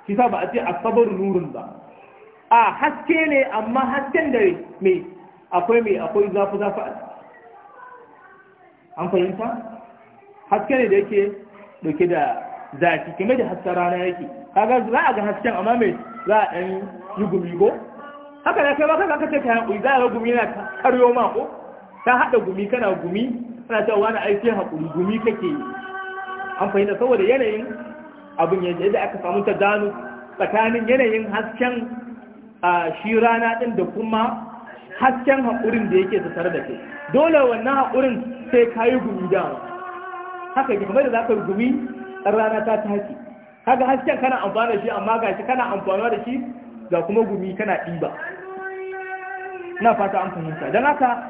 shi sa ba a ce asabar nurin ba a haske ne amma hasken da mai akwai mai akwai zafi zafi a ciki an fahimta haske ne da yake dauke da zafi game da hasken rana yake kaga za a ga hasken amma mai za a dan yi gumi ko haka da kai ba kaga kace kai hakuri za a ga gumi na karyo ma ko ta hada gumi kana gumi kana ta wani aiki hakuri gumi kake yi an fahimta saboda yanayin abin da aka samu ta dano tsakanin yanayin hasken shi rana din da kuma hasken haƙurin da yake tattare da kai dole wannan haƙurin sai kayi gumi dama haka yake kamar da za ka gumi rana ta tashi kaga hasken kana amfana shi amma ga shi kana amfana da shi ga kuma gumi kana ɗiba na fata an fahimta don haka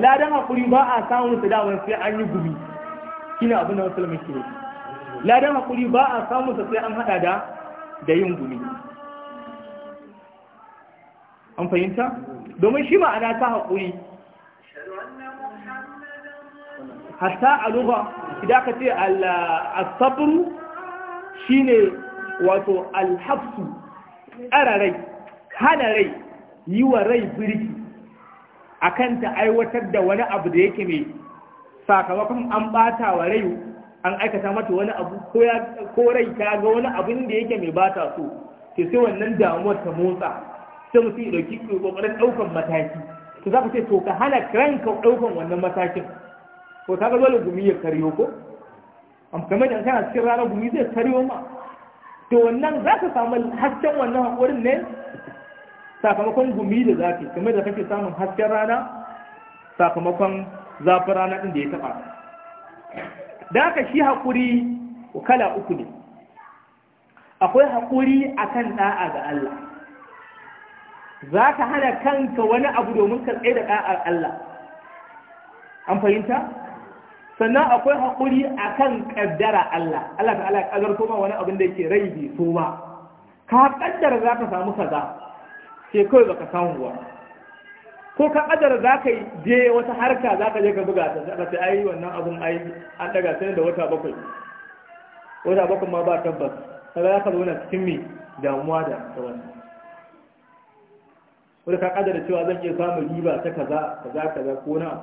ladan haƙuri ba a samun su damar sai an yi gumi shi ne abin da wasu lamun ne ladan haƙuri ba a samun su sai an haɗa da da yin gumi an fahimta domin shi ma'ana ta haƙuri hatta a lura idan aka ce al-sabru shine wato al-habsu ararai hana rai yi wa rai birki akan ta aiwatar da wani abu da yake mai sakamakon an bata wa rai an aikata mata wani abu ko rai ta ga wani abin da yake mai bata so ke sai wannan damuwar ta motsa sai mutum ya dauki kokarin daukan mataki to za ka ce to ka hana ranka daukan wannan matakin Ko ta ga dole gumi ya karyo ko am kamar da kana cikin rana gumi zai karyo ma to wannan za ka samu hasken wannan hakurin ne sakamakon gumi da zafi kamar da kake samun hasken rana sakamakon zafin rana din da ya taba da haka shi hakuri kala uku ne akwai hakuri akan da'a ga Allah za ka hana kanka wani abu domin ka tsaye da da'ar Allah an fahimta sannan akwai haƙuri a kan ƙaddara Allah Allah ta'ala ya ƙaddar kuma wani abin da yake rai bi so ba ka ƙaddara za ka samu kaza ke kawai baka samu ba ko ka ƙaddara za ka je wata harka za ka je ka buga ta za ta ai wannan abin ai an daga sai da wata bakwai wata bakwai ma ba tabbas kaga za ka zo na cikin me damuwa da ta wannan wanda ka ƙaddara cewa zan iya samun riba ta kaza kaza kaza ko na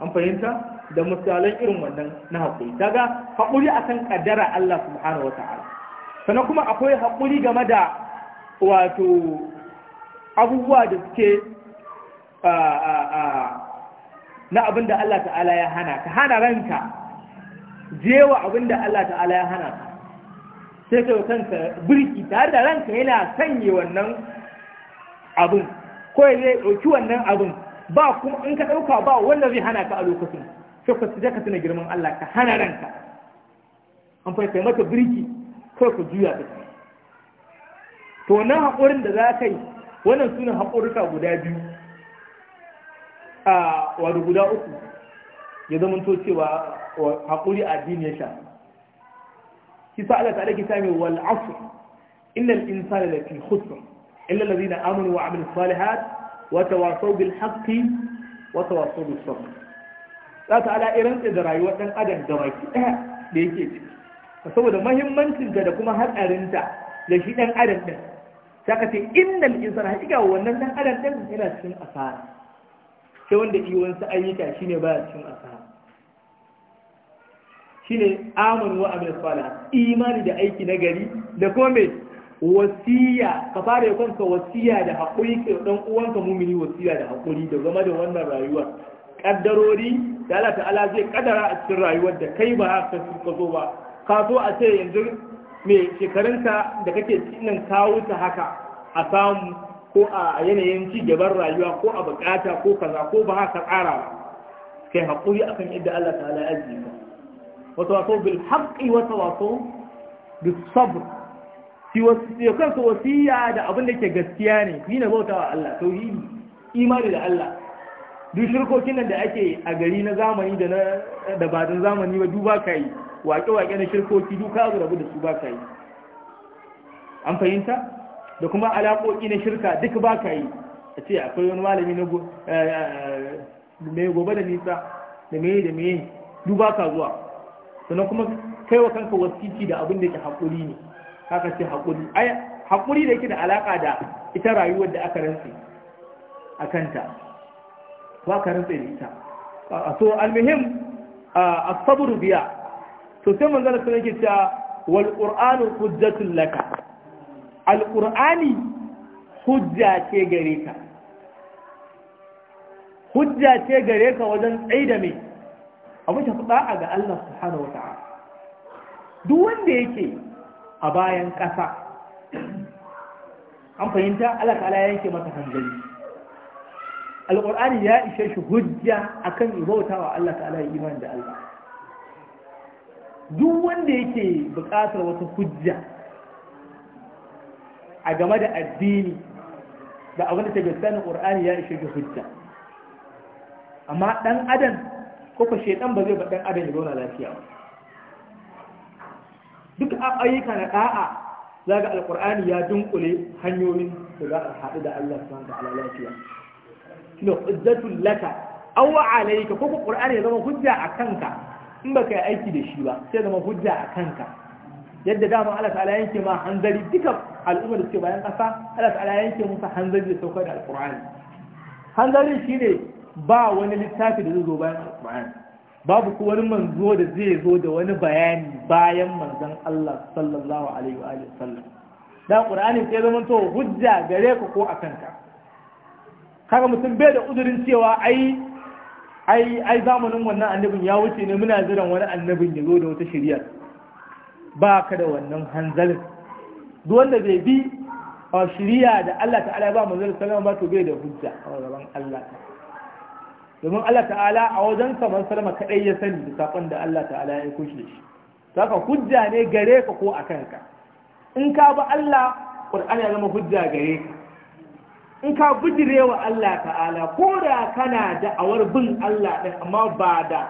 an fahimta da misalan irin wannan na haƙuri daga haƙuri akan ƙaddara Allah subhanahu wa ta'ala sannan kuma akwai haƙuri game da wato abubuwa da suke na abin Allah ta'ala ya hana ka hana ranka jewa abin da Allah ta'ala ya hana ka sai ka kanka birki tare da ranka yana sanye wannan abin ko ya ɗauki wannan abin ba kuma in ka ɗauka ba wanda zai hana ka a lokacin sai ka suje ka tuna girman Allah ka hana ranka an fahimta mata birki kai ku juya ta to na haƙurin da za ka yi wannan suna haƙurka guda biyu a guda uku ya zama to cewa haƙuri addini ya sha sa Allah ta alaki ta mai wal asr innal insana lafi khusr illa allazina amanu wa amilus salihat وتواصوا بالحق وتواصوا بالصبر za ta ala irin da rayuwar ɗan adam da baki ɗaya yake ciki saboda mahimmancinta da kuma hatsarinta da shi ɗan adam ɗin ta ka ce inda insana haƙiƙa wannan ɗan adam ɗin yana a asara sai wanda iwon sa ayyuka shine baya cikin asara shine amanu wa amil salih imani da aiki na gari da wasiya ka fara kanka wasiya da haƙuri ke dan uwanka mumini wasiya da hakuri, da zama da wannan rayuwa Ƙaddarori, da Allah ta'ala zai kaddara a cikin rayuwar da kai ba ka ka zo ba ka zo a ce yanzu me shekarunka da kake nan kawo ta haka a samu ko a yanayin ci gaban rayuwa ko a bukata ko kaza ko ba haka tsara ba kai haƙuri akan yadda Allah ta'ala ya ajiye ka wa bil haqqi wa tawasaw bis sabr ya kansu wasiya da abin da ke gaskiya ne ni na bautawa Allah tauhidi imani da Allah duk shirkokin nan da ake a gari na zamani da na dabadin zamani ba duba ka yi waƙe-waƙe na shirkoki duka zu rabu da su ba ka yi an fahimta da kuma alaƙoƙi na shirka duk ba kai yi a ce akwai wani malami na eh, mai gobe da nisa da mai da mai duba ka zuwa sannan kuma kai wa kanka wasiki da abin da ke haƙuri ne haka ce haƙuri ai haƙuri da yake da alaƙa da ita rayuwar da aka rantse a kanta ko aka rantse da ita so almuhim as-sabr biya to sai manzon sai yake cewa wal qur'anu hujjatul laka al qur'ani hujja ce gare ka hujja ce gare ka wajen tsaida mai abin shafi da'a ga Allah subhanahu wa ta'ala duk wanda yake a bayan ƙasa an fahimta Allah ta'ala ya yanke masa hanzari alƙur'ani ya ishe shi hujja akan ibautawa Allah ta'ala ya iman da Allah duk wanda yake buƙatar wata hujja a game da addini da abin da ta gaskanin ƙur'ani ya ishe shi hujja amma ɗan adam ko ka shaidan ba zai ba ɗan adam ya zauna lafiya ba ayyuka na da'a za ga alkur'ani ya dunkule hanyoyin da za a haɗu da Allah subhanahu wa ta'ala lafiya shine hujjatul laka aw alayka ko ko ya zama hujja a kanka in baka yi aiki da shi ba sai zama hujja a kanka yadda dama Allah ta'ala yake ma hanzari duka al'ummar da suke bayan kasa Allah ta'ala yanke musu hanzari da saukar da alqur'ani hanzari shine ba wani littafi da zai zo bayan alqur'ani babu wani manzo da zai zo da wani bayani bayan manzon Allah sallallahu alaihi wa sallam da qur'ani sai zaman to hujja gare ku ko akan ka kaga mutum bai da uzurin cewa ai ai ai zamanin wannan annabin ya wuce ne muna jiran wani annabin ya zo da wata shari'a ba ka da wannan hanzalin duk wanda bai bi a shari'a da Allah ta'ala ba manzon sallallahu alaihi wa sallam ba to bai da hujja a gaban Allah ta'ala domin Allah ta'ala a wajen saman salama kaɗai ya sani da saƙon da Allah ta'ala ya kushe shi saka hujja ne gare ka ko a kanka in ka bi Allah ƙur'an ya zama hujja gare ka in ka bijire wa Allah ta'ala ko da kana da'awar bin Allah ɗin amma ba da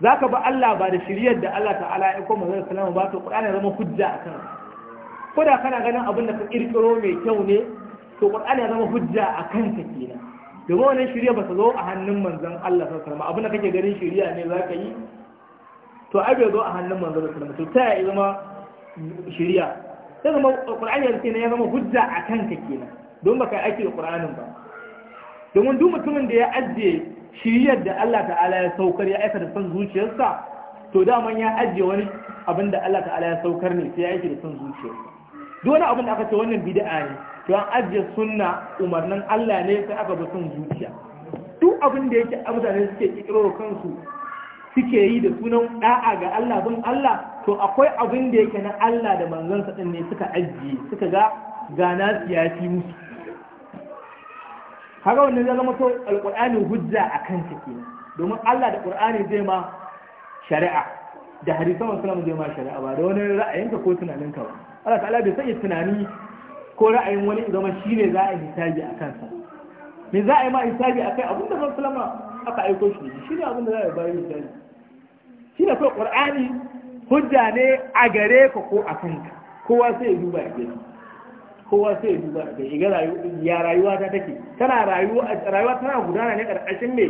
za ka bi Allah ba da shiryar da Allah ta'ala ya kuma zai salama ba to ƙur'an ya zama hujja a kanka ko da kana ganin abin da ka ƙirƙiro mai kyau ne to ƙur'an ya zama hujja a kanka kenan domin wannan shirya ba ta zo a hannun manzan Allah sa sarama abin da kake ganin shirya ne za ka yi to a bai zo a hannun manzan Allah sarama to ta ya zama shirya ta zama ƙur'ani yanzu ne ya zama hujja a kan ka kenan don aiki ake ƙur'anin ba domin duk mutumin da ya ajiye shiryar da Allah ta'ala ya saukar ya aika da son zuciyarsa to daman ya ajiye wani abin da Allah ta'ala ya saukar ne sai ya aiki da son zuciyarsa duk wani abin da aka ce wannan bid'a ne to ajiye suna umarnin Allah ne sai aka bi son zuciya duk abin da yake mutane suke kansu suke yi da sunan da'a ga Allah don Allah to akwai abin da yake na Allah da manzansa din ne suka ajiye suka ga gana siyasi musu haka wannan zai zama to alqur'ani hujja akan ta kenan domin Allah da ƙur'ani zai ma shari'a da hadisan sallallahu alaihi zai ma shari'a ba da wani ra'ayinka ko tunaninka ba Allah ta'ala bai sanya tunani ko ra'ayin wani zama shi ne za a yi hisabi a kansa me za a yi ma hisabi a kai abinda zan salama aka aiko shi shi ne abinda za a yi bayan hisabi shi ne kai ƙur'ani hujja ne a gare ka ko a kanka kowa sai ya duba a gare kowa sai ya duba da shiga ya rayuwa ta take tana rayuwa rayuwa tana gudana ne ƙarƙashin me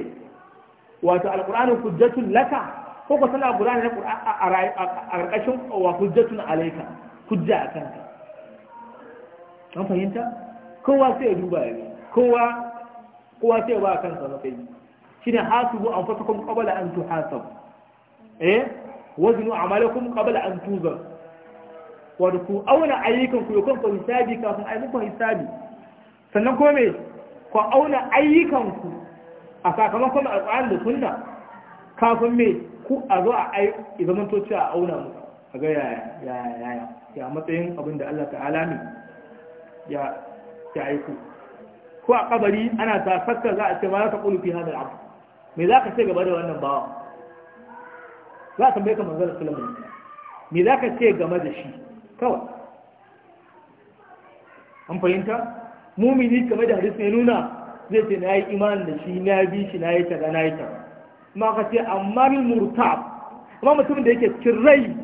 wato alƙur'anin hujjatul laka ko ko tana gudana ne a ƙarƙashin? wa hujjatun alaika hujja a kanka. an fahimta kowa sai ya duba ya kowa kowa sai ya ba kansa matsayi shine hasibu anfusakum qabla an tuhasabu eh waznu amalakum kabala an tuzan wadda ku auna ayyukan ku yakan kwan hisabi kafin ai kwan hisabi sannan kuma me ku auna ayyukan ku a sakamakon al'adun da sunna kafin me ku a zo a ai zaman a cewa auna mu a ga ya ya yaya ya matsayin abin da Allah ta'ala ne ya ya aiko ko a kabari ana ta sakka za a ce ma za ka kulu fi hadal abu me za ka ce gaba da wannan bawa za ka tambaye ka manzon sallallahu me za ka ce game da shi kawai an fahimta mumini kamar da hadisi ya nuna zai ce na yi imanin da shi na bi shi na yi kaza na yi kaza ma ka ce amma murtab amma mutumin da yake cin rai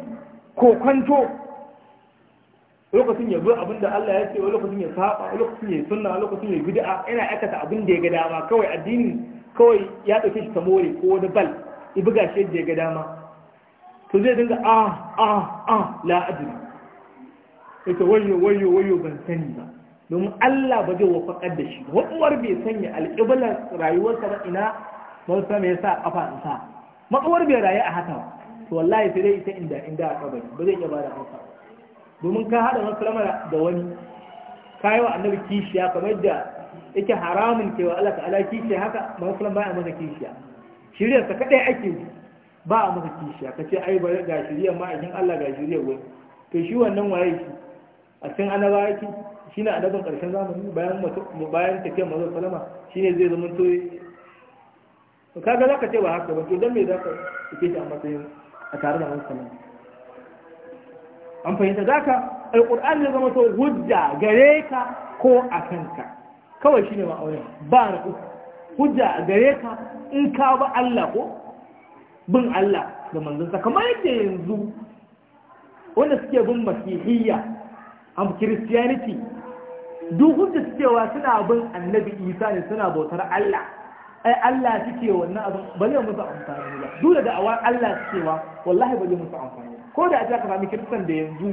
ko kwanto lokacin ya zo abin da Allah ya ce wa lokacin ya saba lokacin ya sunna lokacin ya bid'a Ina aikata abin da ya ga dama kawai addini kawai ya dauke shi ta more ko wani bal ya buga shi yadda ya ga dama to zai dinga ah ah ah la adri yace wayo wayo wayo ban sani ba domin Allah ba zai wafakar da shi wadwar bai sanya alƙiblar rayuwarsa ba ina mawsa me yasa kafa in sa matsawar bai rayu a haka ba to wallahi sai dai ita inda inda a kabari ba zai iya ba da hausa domin ka haɗa maslama da wani ka yi wa annabi kishiya kamar da yake haramun cewa Allah ta'ala kishiya haka maslama ba a masa kishiya shirya ta kaɗai ake ba a masa kishiya ka ce ai ba ga shiryar ma'aikin Allah ga shirya wani to shi wannan waye shi a cikin annaba yake shi ne annabin ƙarshen zamani bayan bayan tafiyar mazo salama shi ne zai zama Ka ga za ka ce ba haka ba to don me za ka ce shi a matsayin a tare da mazo salama an fahimta za ka Alƙur'an ya zama to hujja gare ka ko a kanka kawai shi ne ma'aunin ba na uku hujja gare ka in ka ba Allah ko bin Allah da manzansa kamar yadda yanzu wanda suke bin masihiyya am christianity duk hujja cewa suna bin annabi isa ne suna bautar Allah ai Allah suke wannan abin ba zai musu amfani ba duk da da'awar Allah suke wa wallahi ba zai musu amfani ko da aka sami kiristan da yanzu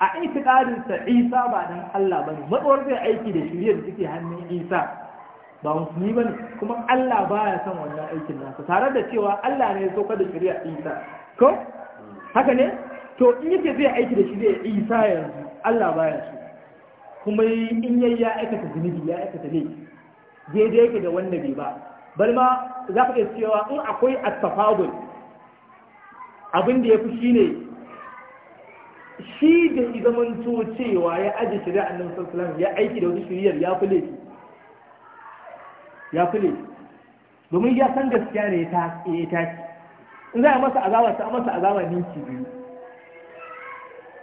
a itikadin sa Isa ba dan Allah bane matsawar zai aiki da shirye da suke hannun Isa ba musulmi bane kuma Allah baya son wannan aikin nasa tare da cewa Allah ne ya saukar da shirya Isa ko haka ne to in yake zai aiki da shirya Isa yanzu Allah baya so kuma in yayi ya aikata zunubi ya aikata laifi daidai yake da wanda bai ba bal ma za ka iya cewa in akwai at-tafadul abin da ya fi shi ne shi da izamanto cewa ya aji shari'a annabi sallallahu ya aiki da wata shiriyar ya fi laifi ya fi laifi domin ya san gaskiya ne eh, ya tafi, in za a masa azaba ta masa azaba ninki biyu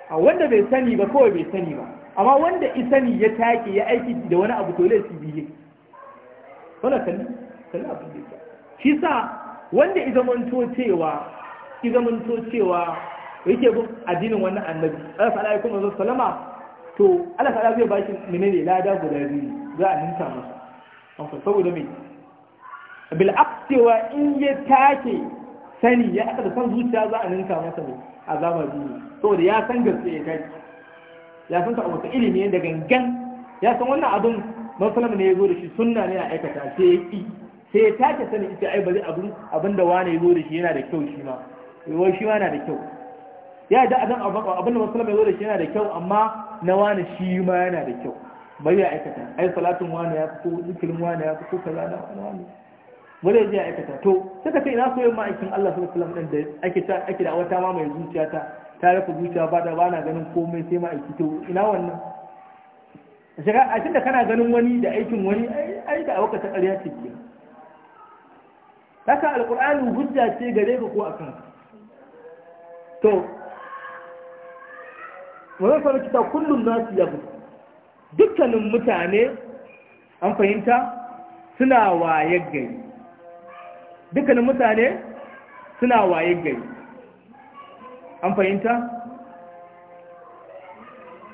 a wanda bai sani ba kawai bai sani ba amma wanda isani ya take ya aiki da wani abu to laifi biyu wannan kalli kalli abin da shi sa wanda izamanto cewa ki zamanto cewa yake bin addinin wannan annabi Allah ta'ala ya kuma salama. to Allah ta'ala zai baki menene lada guda biyu za a ninka masa an saboda me bil aqtiwa in ya take sani ya aka da san zuciya za a ninka masa ne azaba biyu saboda ya san gaske ya take ya san ta ta ilimi da gangan ya san wannan abun masalam ne ya zo da shi sunna ne a aikata sai ya ki sai ya take sani ita ai bari abun abin da wani ya zo da shi yana da kyau shi ma wai shi yana da kyau ya da adam abin da musulmi zo da shi yana da kyau amma na wani shi ma yana da kyau bai ya aikata ai salatun wani ya fi ko zikirin wani ya fi ko kaza na wani wani ya aikata to ka kai ina koyon aikin Allah sallallahu alaihi wasallam din da ake ta ake da wata ma mai zuciya ta ta rufe zuciya ba da bana ganin komai sai ma aiki to ina wannan a cikin da kana ganin wani da aikin wani ai da awaka ta ƙarya ce ke haka alƙur'ani hujja ce gare ka ko a akan to wani fara kita kullum nasu yabu dukkanin mutane an fahimta suna waye gari dukkanin mutane suna waye gari an fahimta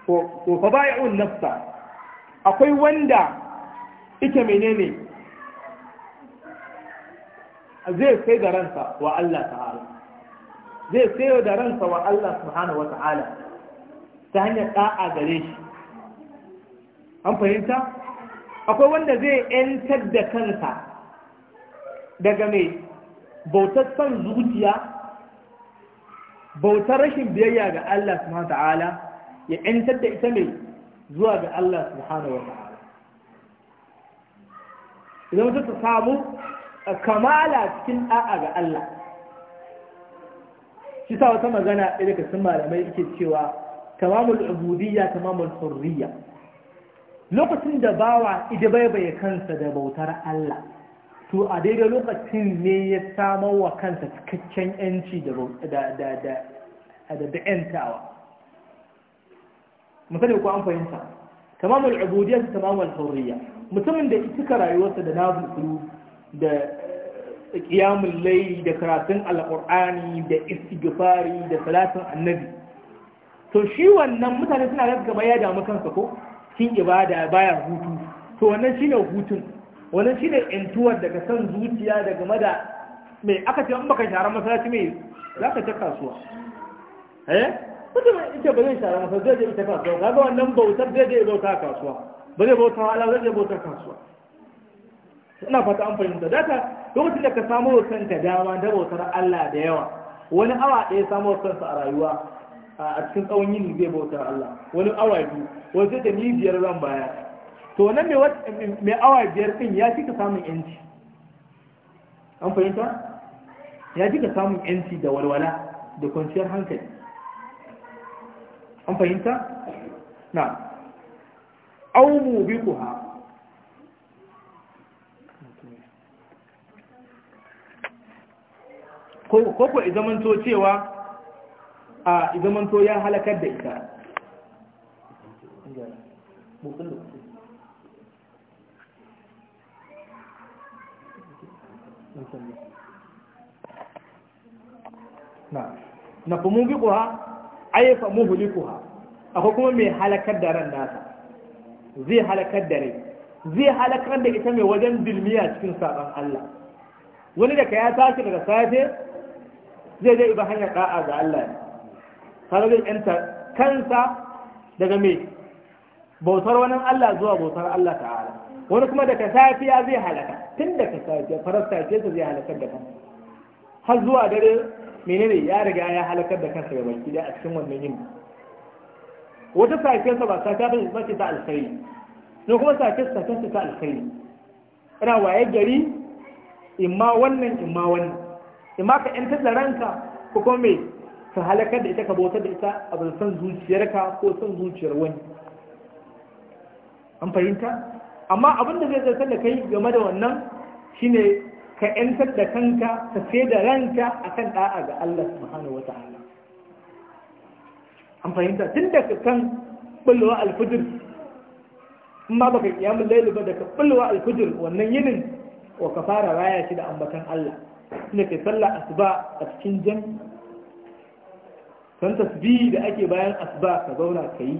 ko fa bai'un nafsa akwai wanda ita menene zai sai da wa Allah ta'ala zai sayo da ransa wa Allah subhanahu wa ta'ala ta hanyar ɗa'a gare shi an fahimta akwai wanda zai ‘yantar da kansa daga mai bautar son zuciya bautar rashin biyayya ga Allah subhanahu wa ta'ala ya ‘yantar da ita mai zuwa ga Allah subhanahu wa ta'ala idan mutum ta samu kamala cikin ɗa'a ga Allah shi sa wata magana ɗaya daga sun malamai yake cewa tamamul ubudiyya tamamul hurriya lokacin da bawa ida baibaye kansa da bautar Allah to a daidai lokacin ne ya samo wa kansa cikakken yanci da yantawa misali ko an fahimta tamamul ubudiyya tamamul hurriya mutumin da ita rayuwarsa da nabu da da ƙiyamun da karatun alƙur'ani da istighfari da salatin annabi to shi wannan mutane suna ga gaba ya damu kansa ko kin ibada baya hutu to wannan shine hutun wannan shine intuwar daga san zuciya daga mada mai aka ce an baka share masallaci mai za ka ta kasuwa eh mai ita ba zai share masallaci zai je ita kasuwa kaga wannan bautar zai je bauta kasuwa ba zai bauta Allah zai je bauta kasuwa ina fata an fahimta data lokacin da ka samu wa kanka dama da bautar Allah da yawa wani awa ɗaya samu wa kansa a rayuwa a cikin tsawon yini zai bautar Allah wani awa biyu wani sai da ni biyar zan baya to nan mai awa biyar din ya ci ka samun yanci an fahimta ya ci ka samun yanci da walwala da kwanciyar hankali an fahimta na au mu bi ku ha ko ko izamanto cewa a izamanto ya halakar da ita na fi mubi kuwa fa muhuli ha, akwai kuma mai halakar da ran nasa zai halakar da rai zai halakar da ita mai wajen dilmiya cikin sabon Allah wani daga ya tashi daga safe zai zai ba hanyar da'a ga Allah ne har zai yanta kansa daga me bautar wani Allah zuwa bautar Allah ta'ala wani kuma daga safiya zai halaka tun daga safiya farar safiya zai halakar da kansa har zuwa dare menene ya riga ya halakar da kansa ga baki da a cikin wannan yin wata safiyarsa ba safiya ba ce ta alkhairi ne kuma safiyarsa ta ta alkhairi ina waye gari imma wannan imma wannan in ma ka ‘yantar da ranka ko kuma mai ka halakar da ita ka bautar da ita a san zuciyarka ko san zuciyar wani an fahimta amma abin da zai zartar da kai game da wannan shine ka ‘yantar da kanka ka sai da ranka akan da'a ga Allah subhanahu wata'ala an fahimta tun da ka kan bullowa alfujir in ba baka kiyamun lailu ba da ka bullowa alfujir wannan yinin wa ka fara raya shi da ambatan Allah suna kai sallah asuba a cikin jan? san tasbi da ake bayan asuba ka zauna ka yi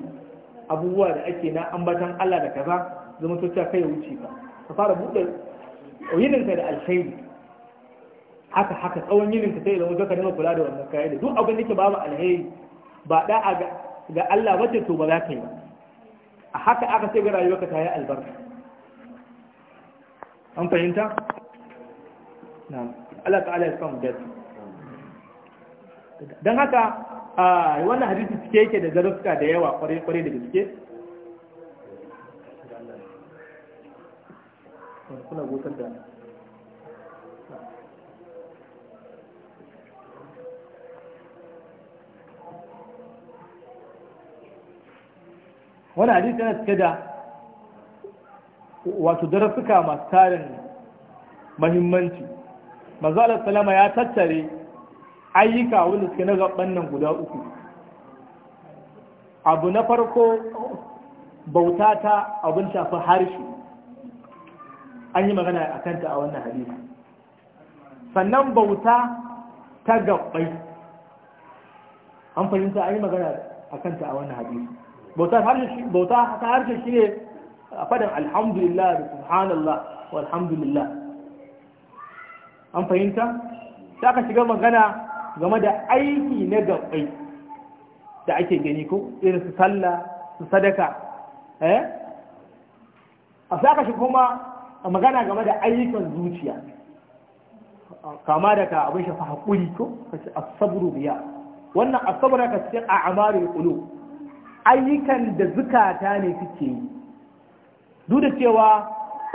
abubuwa da ake na ambatan Allah da kaza zama to ta kai wuce ka ka fara buɗe ka da alkhairi haka haka tsawon ka sai zama to ka dinga kula da wannan kai da duk abin da ke babu alkhairi, ba da ga Allah ba to ba za ka yi ba a haka aka sai ga rayuwarka ta yi albarka an fahimta na'am Allah ta'ala ya samu dadi dan haka wannan hadisi cike yake da zarafuka da yawa kwarai-kwarai da gaske wani hadisi yana cike da wato darasuka masu tarin mahimmanci mazalar salama ya tattare ayyuka wanda suke na gaban nan guda uku abu na farko bauta ta abin shafi harshe an yi magana a kanta a wannan hadisi sannan bauta ta gabbai an fahimta an yi magana a kanta a wannan hadisi bauta ta harshe shi ne a fadin alhamdulillah da subhanallah walhamdulillah an fahimta sai aka shiga magana game da aiki na gabai da ake gani ko irin su sallah su sadaka eh a sai aka shiga kuma magana game da ayyukan zuciya kama daga abin shafa hakuri ko kace asabru biya wannan asabra ka cikin a'amari qulub ayyukan da zukata ne suke yi duk da cewa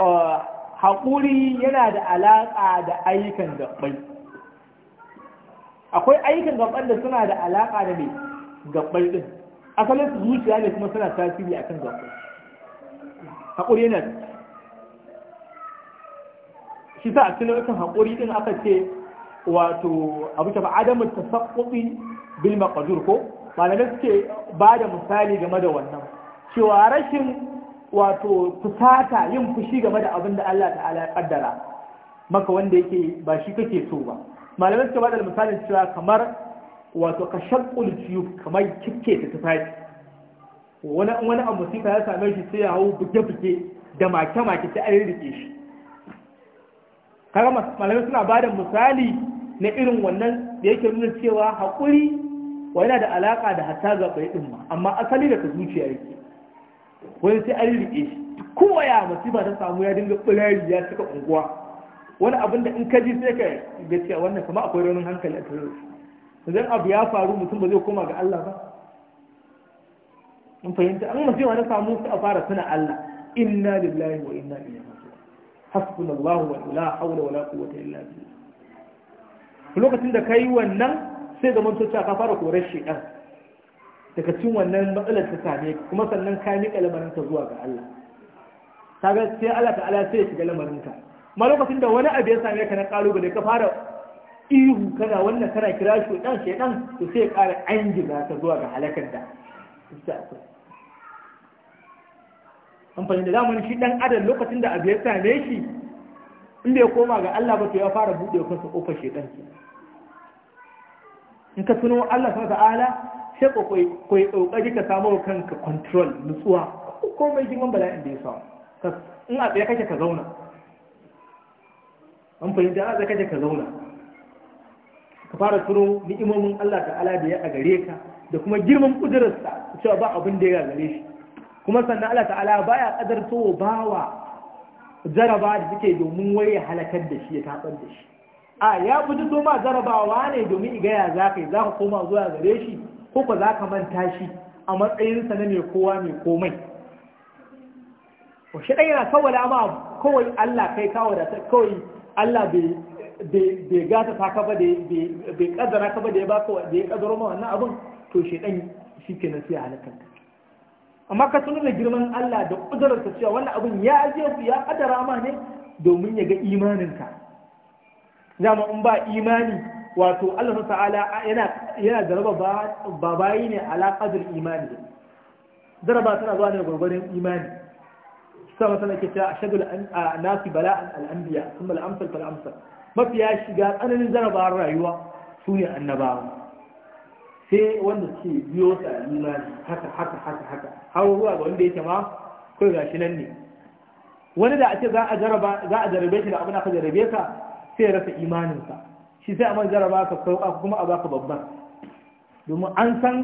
uh, haƙuri yana da alaƙa da ayyukan gaɓɓai akwai ayyukan gaɓɓan da suna da alaƙa da mai gaɓɓai ɗin asalin su zuciya ne kuma suna tasiri akan gaɓɓai haƙuri yana da. shi sa a cikin nau'ikan haƙuri ɗin aka ce wato abu ta adamu ta saƙoƙi bilma maƙajur ko malamai suke ba da misali game da wannan cewa rashin wato kusata yin fushi game da abin da Allah ta'ala ya kaddara maka wanda yake ba shi kake so ba malamai suka bada misalin cewa kamar wato ka shaqqul jiyub kamar kike ta tufafi wani wani abu sai ya same shi sai ya hau buke buke da make make ta an rike shi kaga malamai suna ba da misali na irin wannan da yake nuna cewa hakuri wa yana da alaka da hatta bai ɗin ma amma asali da zuciya yake wani sai an riƙe shi kowa ya masifa ta samu ya dinga ɓirari ya cika unguwa wani abin da in ka ji sai ka ga cewa wannan kama akwai raunin hankali a tare da idan abu ya faru mutum ba zai koma ga Allah ba in fahimta an ba ta samu su a fara suna Allah inna lillahi wa inna ilaihi raji'un hasbunallahu wa la hawla wa la quwwata illa billah lokacin da kai wannan sai ga mun tsaya ka fara korar dan daga cikin wannan matsalar ta same ka kuma sannan ka miƙa lamarinka zuwa ga Allah kaga sai Allah Ala sai ya shiga lamarinka amma lokacin da wani abu ya same ka na kalubale ka fara ihu kana wannan kana kira shi dan dan to sai ya ƙara angiza ka zuwa ga halakar da amfani da zamanin shi dan adam lokacin da abu ya same shi in bai koma ga Allah ba to ya fara buɗe kansa kofar shedan in ka tuno Allah subhanahu wa ta'ala shekwa ka kwai kokari ka samu kanka control nutsuwa ko mai girman bala'in da ya samu in a tsaye kake ka zauna an fahimta a tsaye kake ka zauna ka fara turo ni'imomin Allah ala da ya a gare ka da kuma girman kudurarsa cewa ba abin da ya gare shi kuma sannan Allah ta'ala kadar kadarto bawa jaraba da suke domin wai ya halakar da shi ya tabar da shi a ya fi ma jarabawa ne domin igaya za ka yi za ka koma zuwa gare shi ko ba za ka manta shi a matsayinsa na mai kowa mai komai wa shi ɗaya na kawai amma kawai Allah kai kawo da kawai Allah bai gata ta ka ba da bai kaddara ka ba da ya baka da ya kaddaro ma wannan abin to shi ɗan shi ke nasi a halakar amma ka tunar da girman Allah da ta cewa wannan abin ya je ku ya kaddara ma ne domin ya ga imaninka zama in ba imani wato Allah ta ta'ala yana yana jaraba babayi ne ala qadr imani jaraba tana zuwa ne gurgurin imani sama sana ke ta ashadul nasi bala'an al-anbiya kuma al-amsal fal amsal mafiya shiga tsananin jarabawar rayuwa su ne annabawa sai wanda suke biyo sa imani haka haka haka haka har ruwa ga wanda yake ma kai gashi nan ne wani da a ce za a jarabe shi da abin aka jarabe ka sai ya rasa imaninsa shi sai a man jaraba ka sauka kuma a baka babban domin an san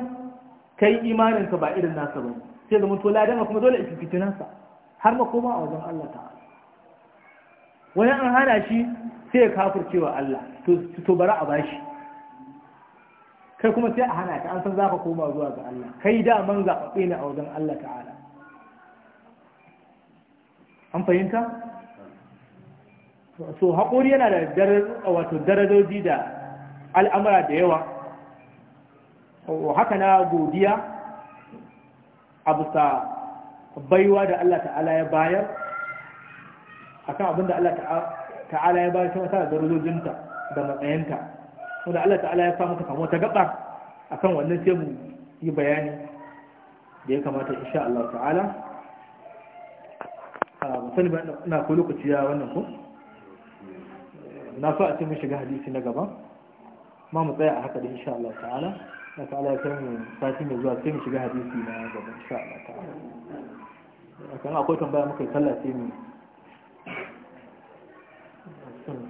kai imaninka ba irin nasa ba sai zama to ladama kuma dole in isi fitinansa har ma koma a wajen Allah ta'ala wani an hana shi sai ya kafurcewa Allah to bara a bashi kai kuma sai a hana ka an san za ka koma zuwa ga Allah kai daman zaɓaɓɓe ne a wajen Allah ta'ala an fahimta so haƙuri yana da wato darajoji da al'amura da yawa haka na godiya a bisa baiwa da Allah ta'ala ya bayar akan abinda Allah ta'ala ya bayar kuma tara darajojinta da matsayinta wanda Allah ta'ala ya samu ka samu ta gaba kan wannan sai yi bayani da ya kamata insha Allah ta'ala a ah, musamman na ina lokaci ya wannan ko na so a ce mun shiga hadisi na gaba ma mu tsaya a haka da insha Allah ta'ala na ta'ala ya kai mu sati mai zuwa sai mu shiga hadisi na gaba insha Allah ta'ala akan akwai tambaya muka yi sallah sai mu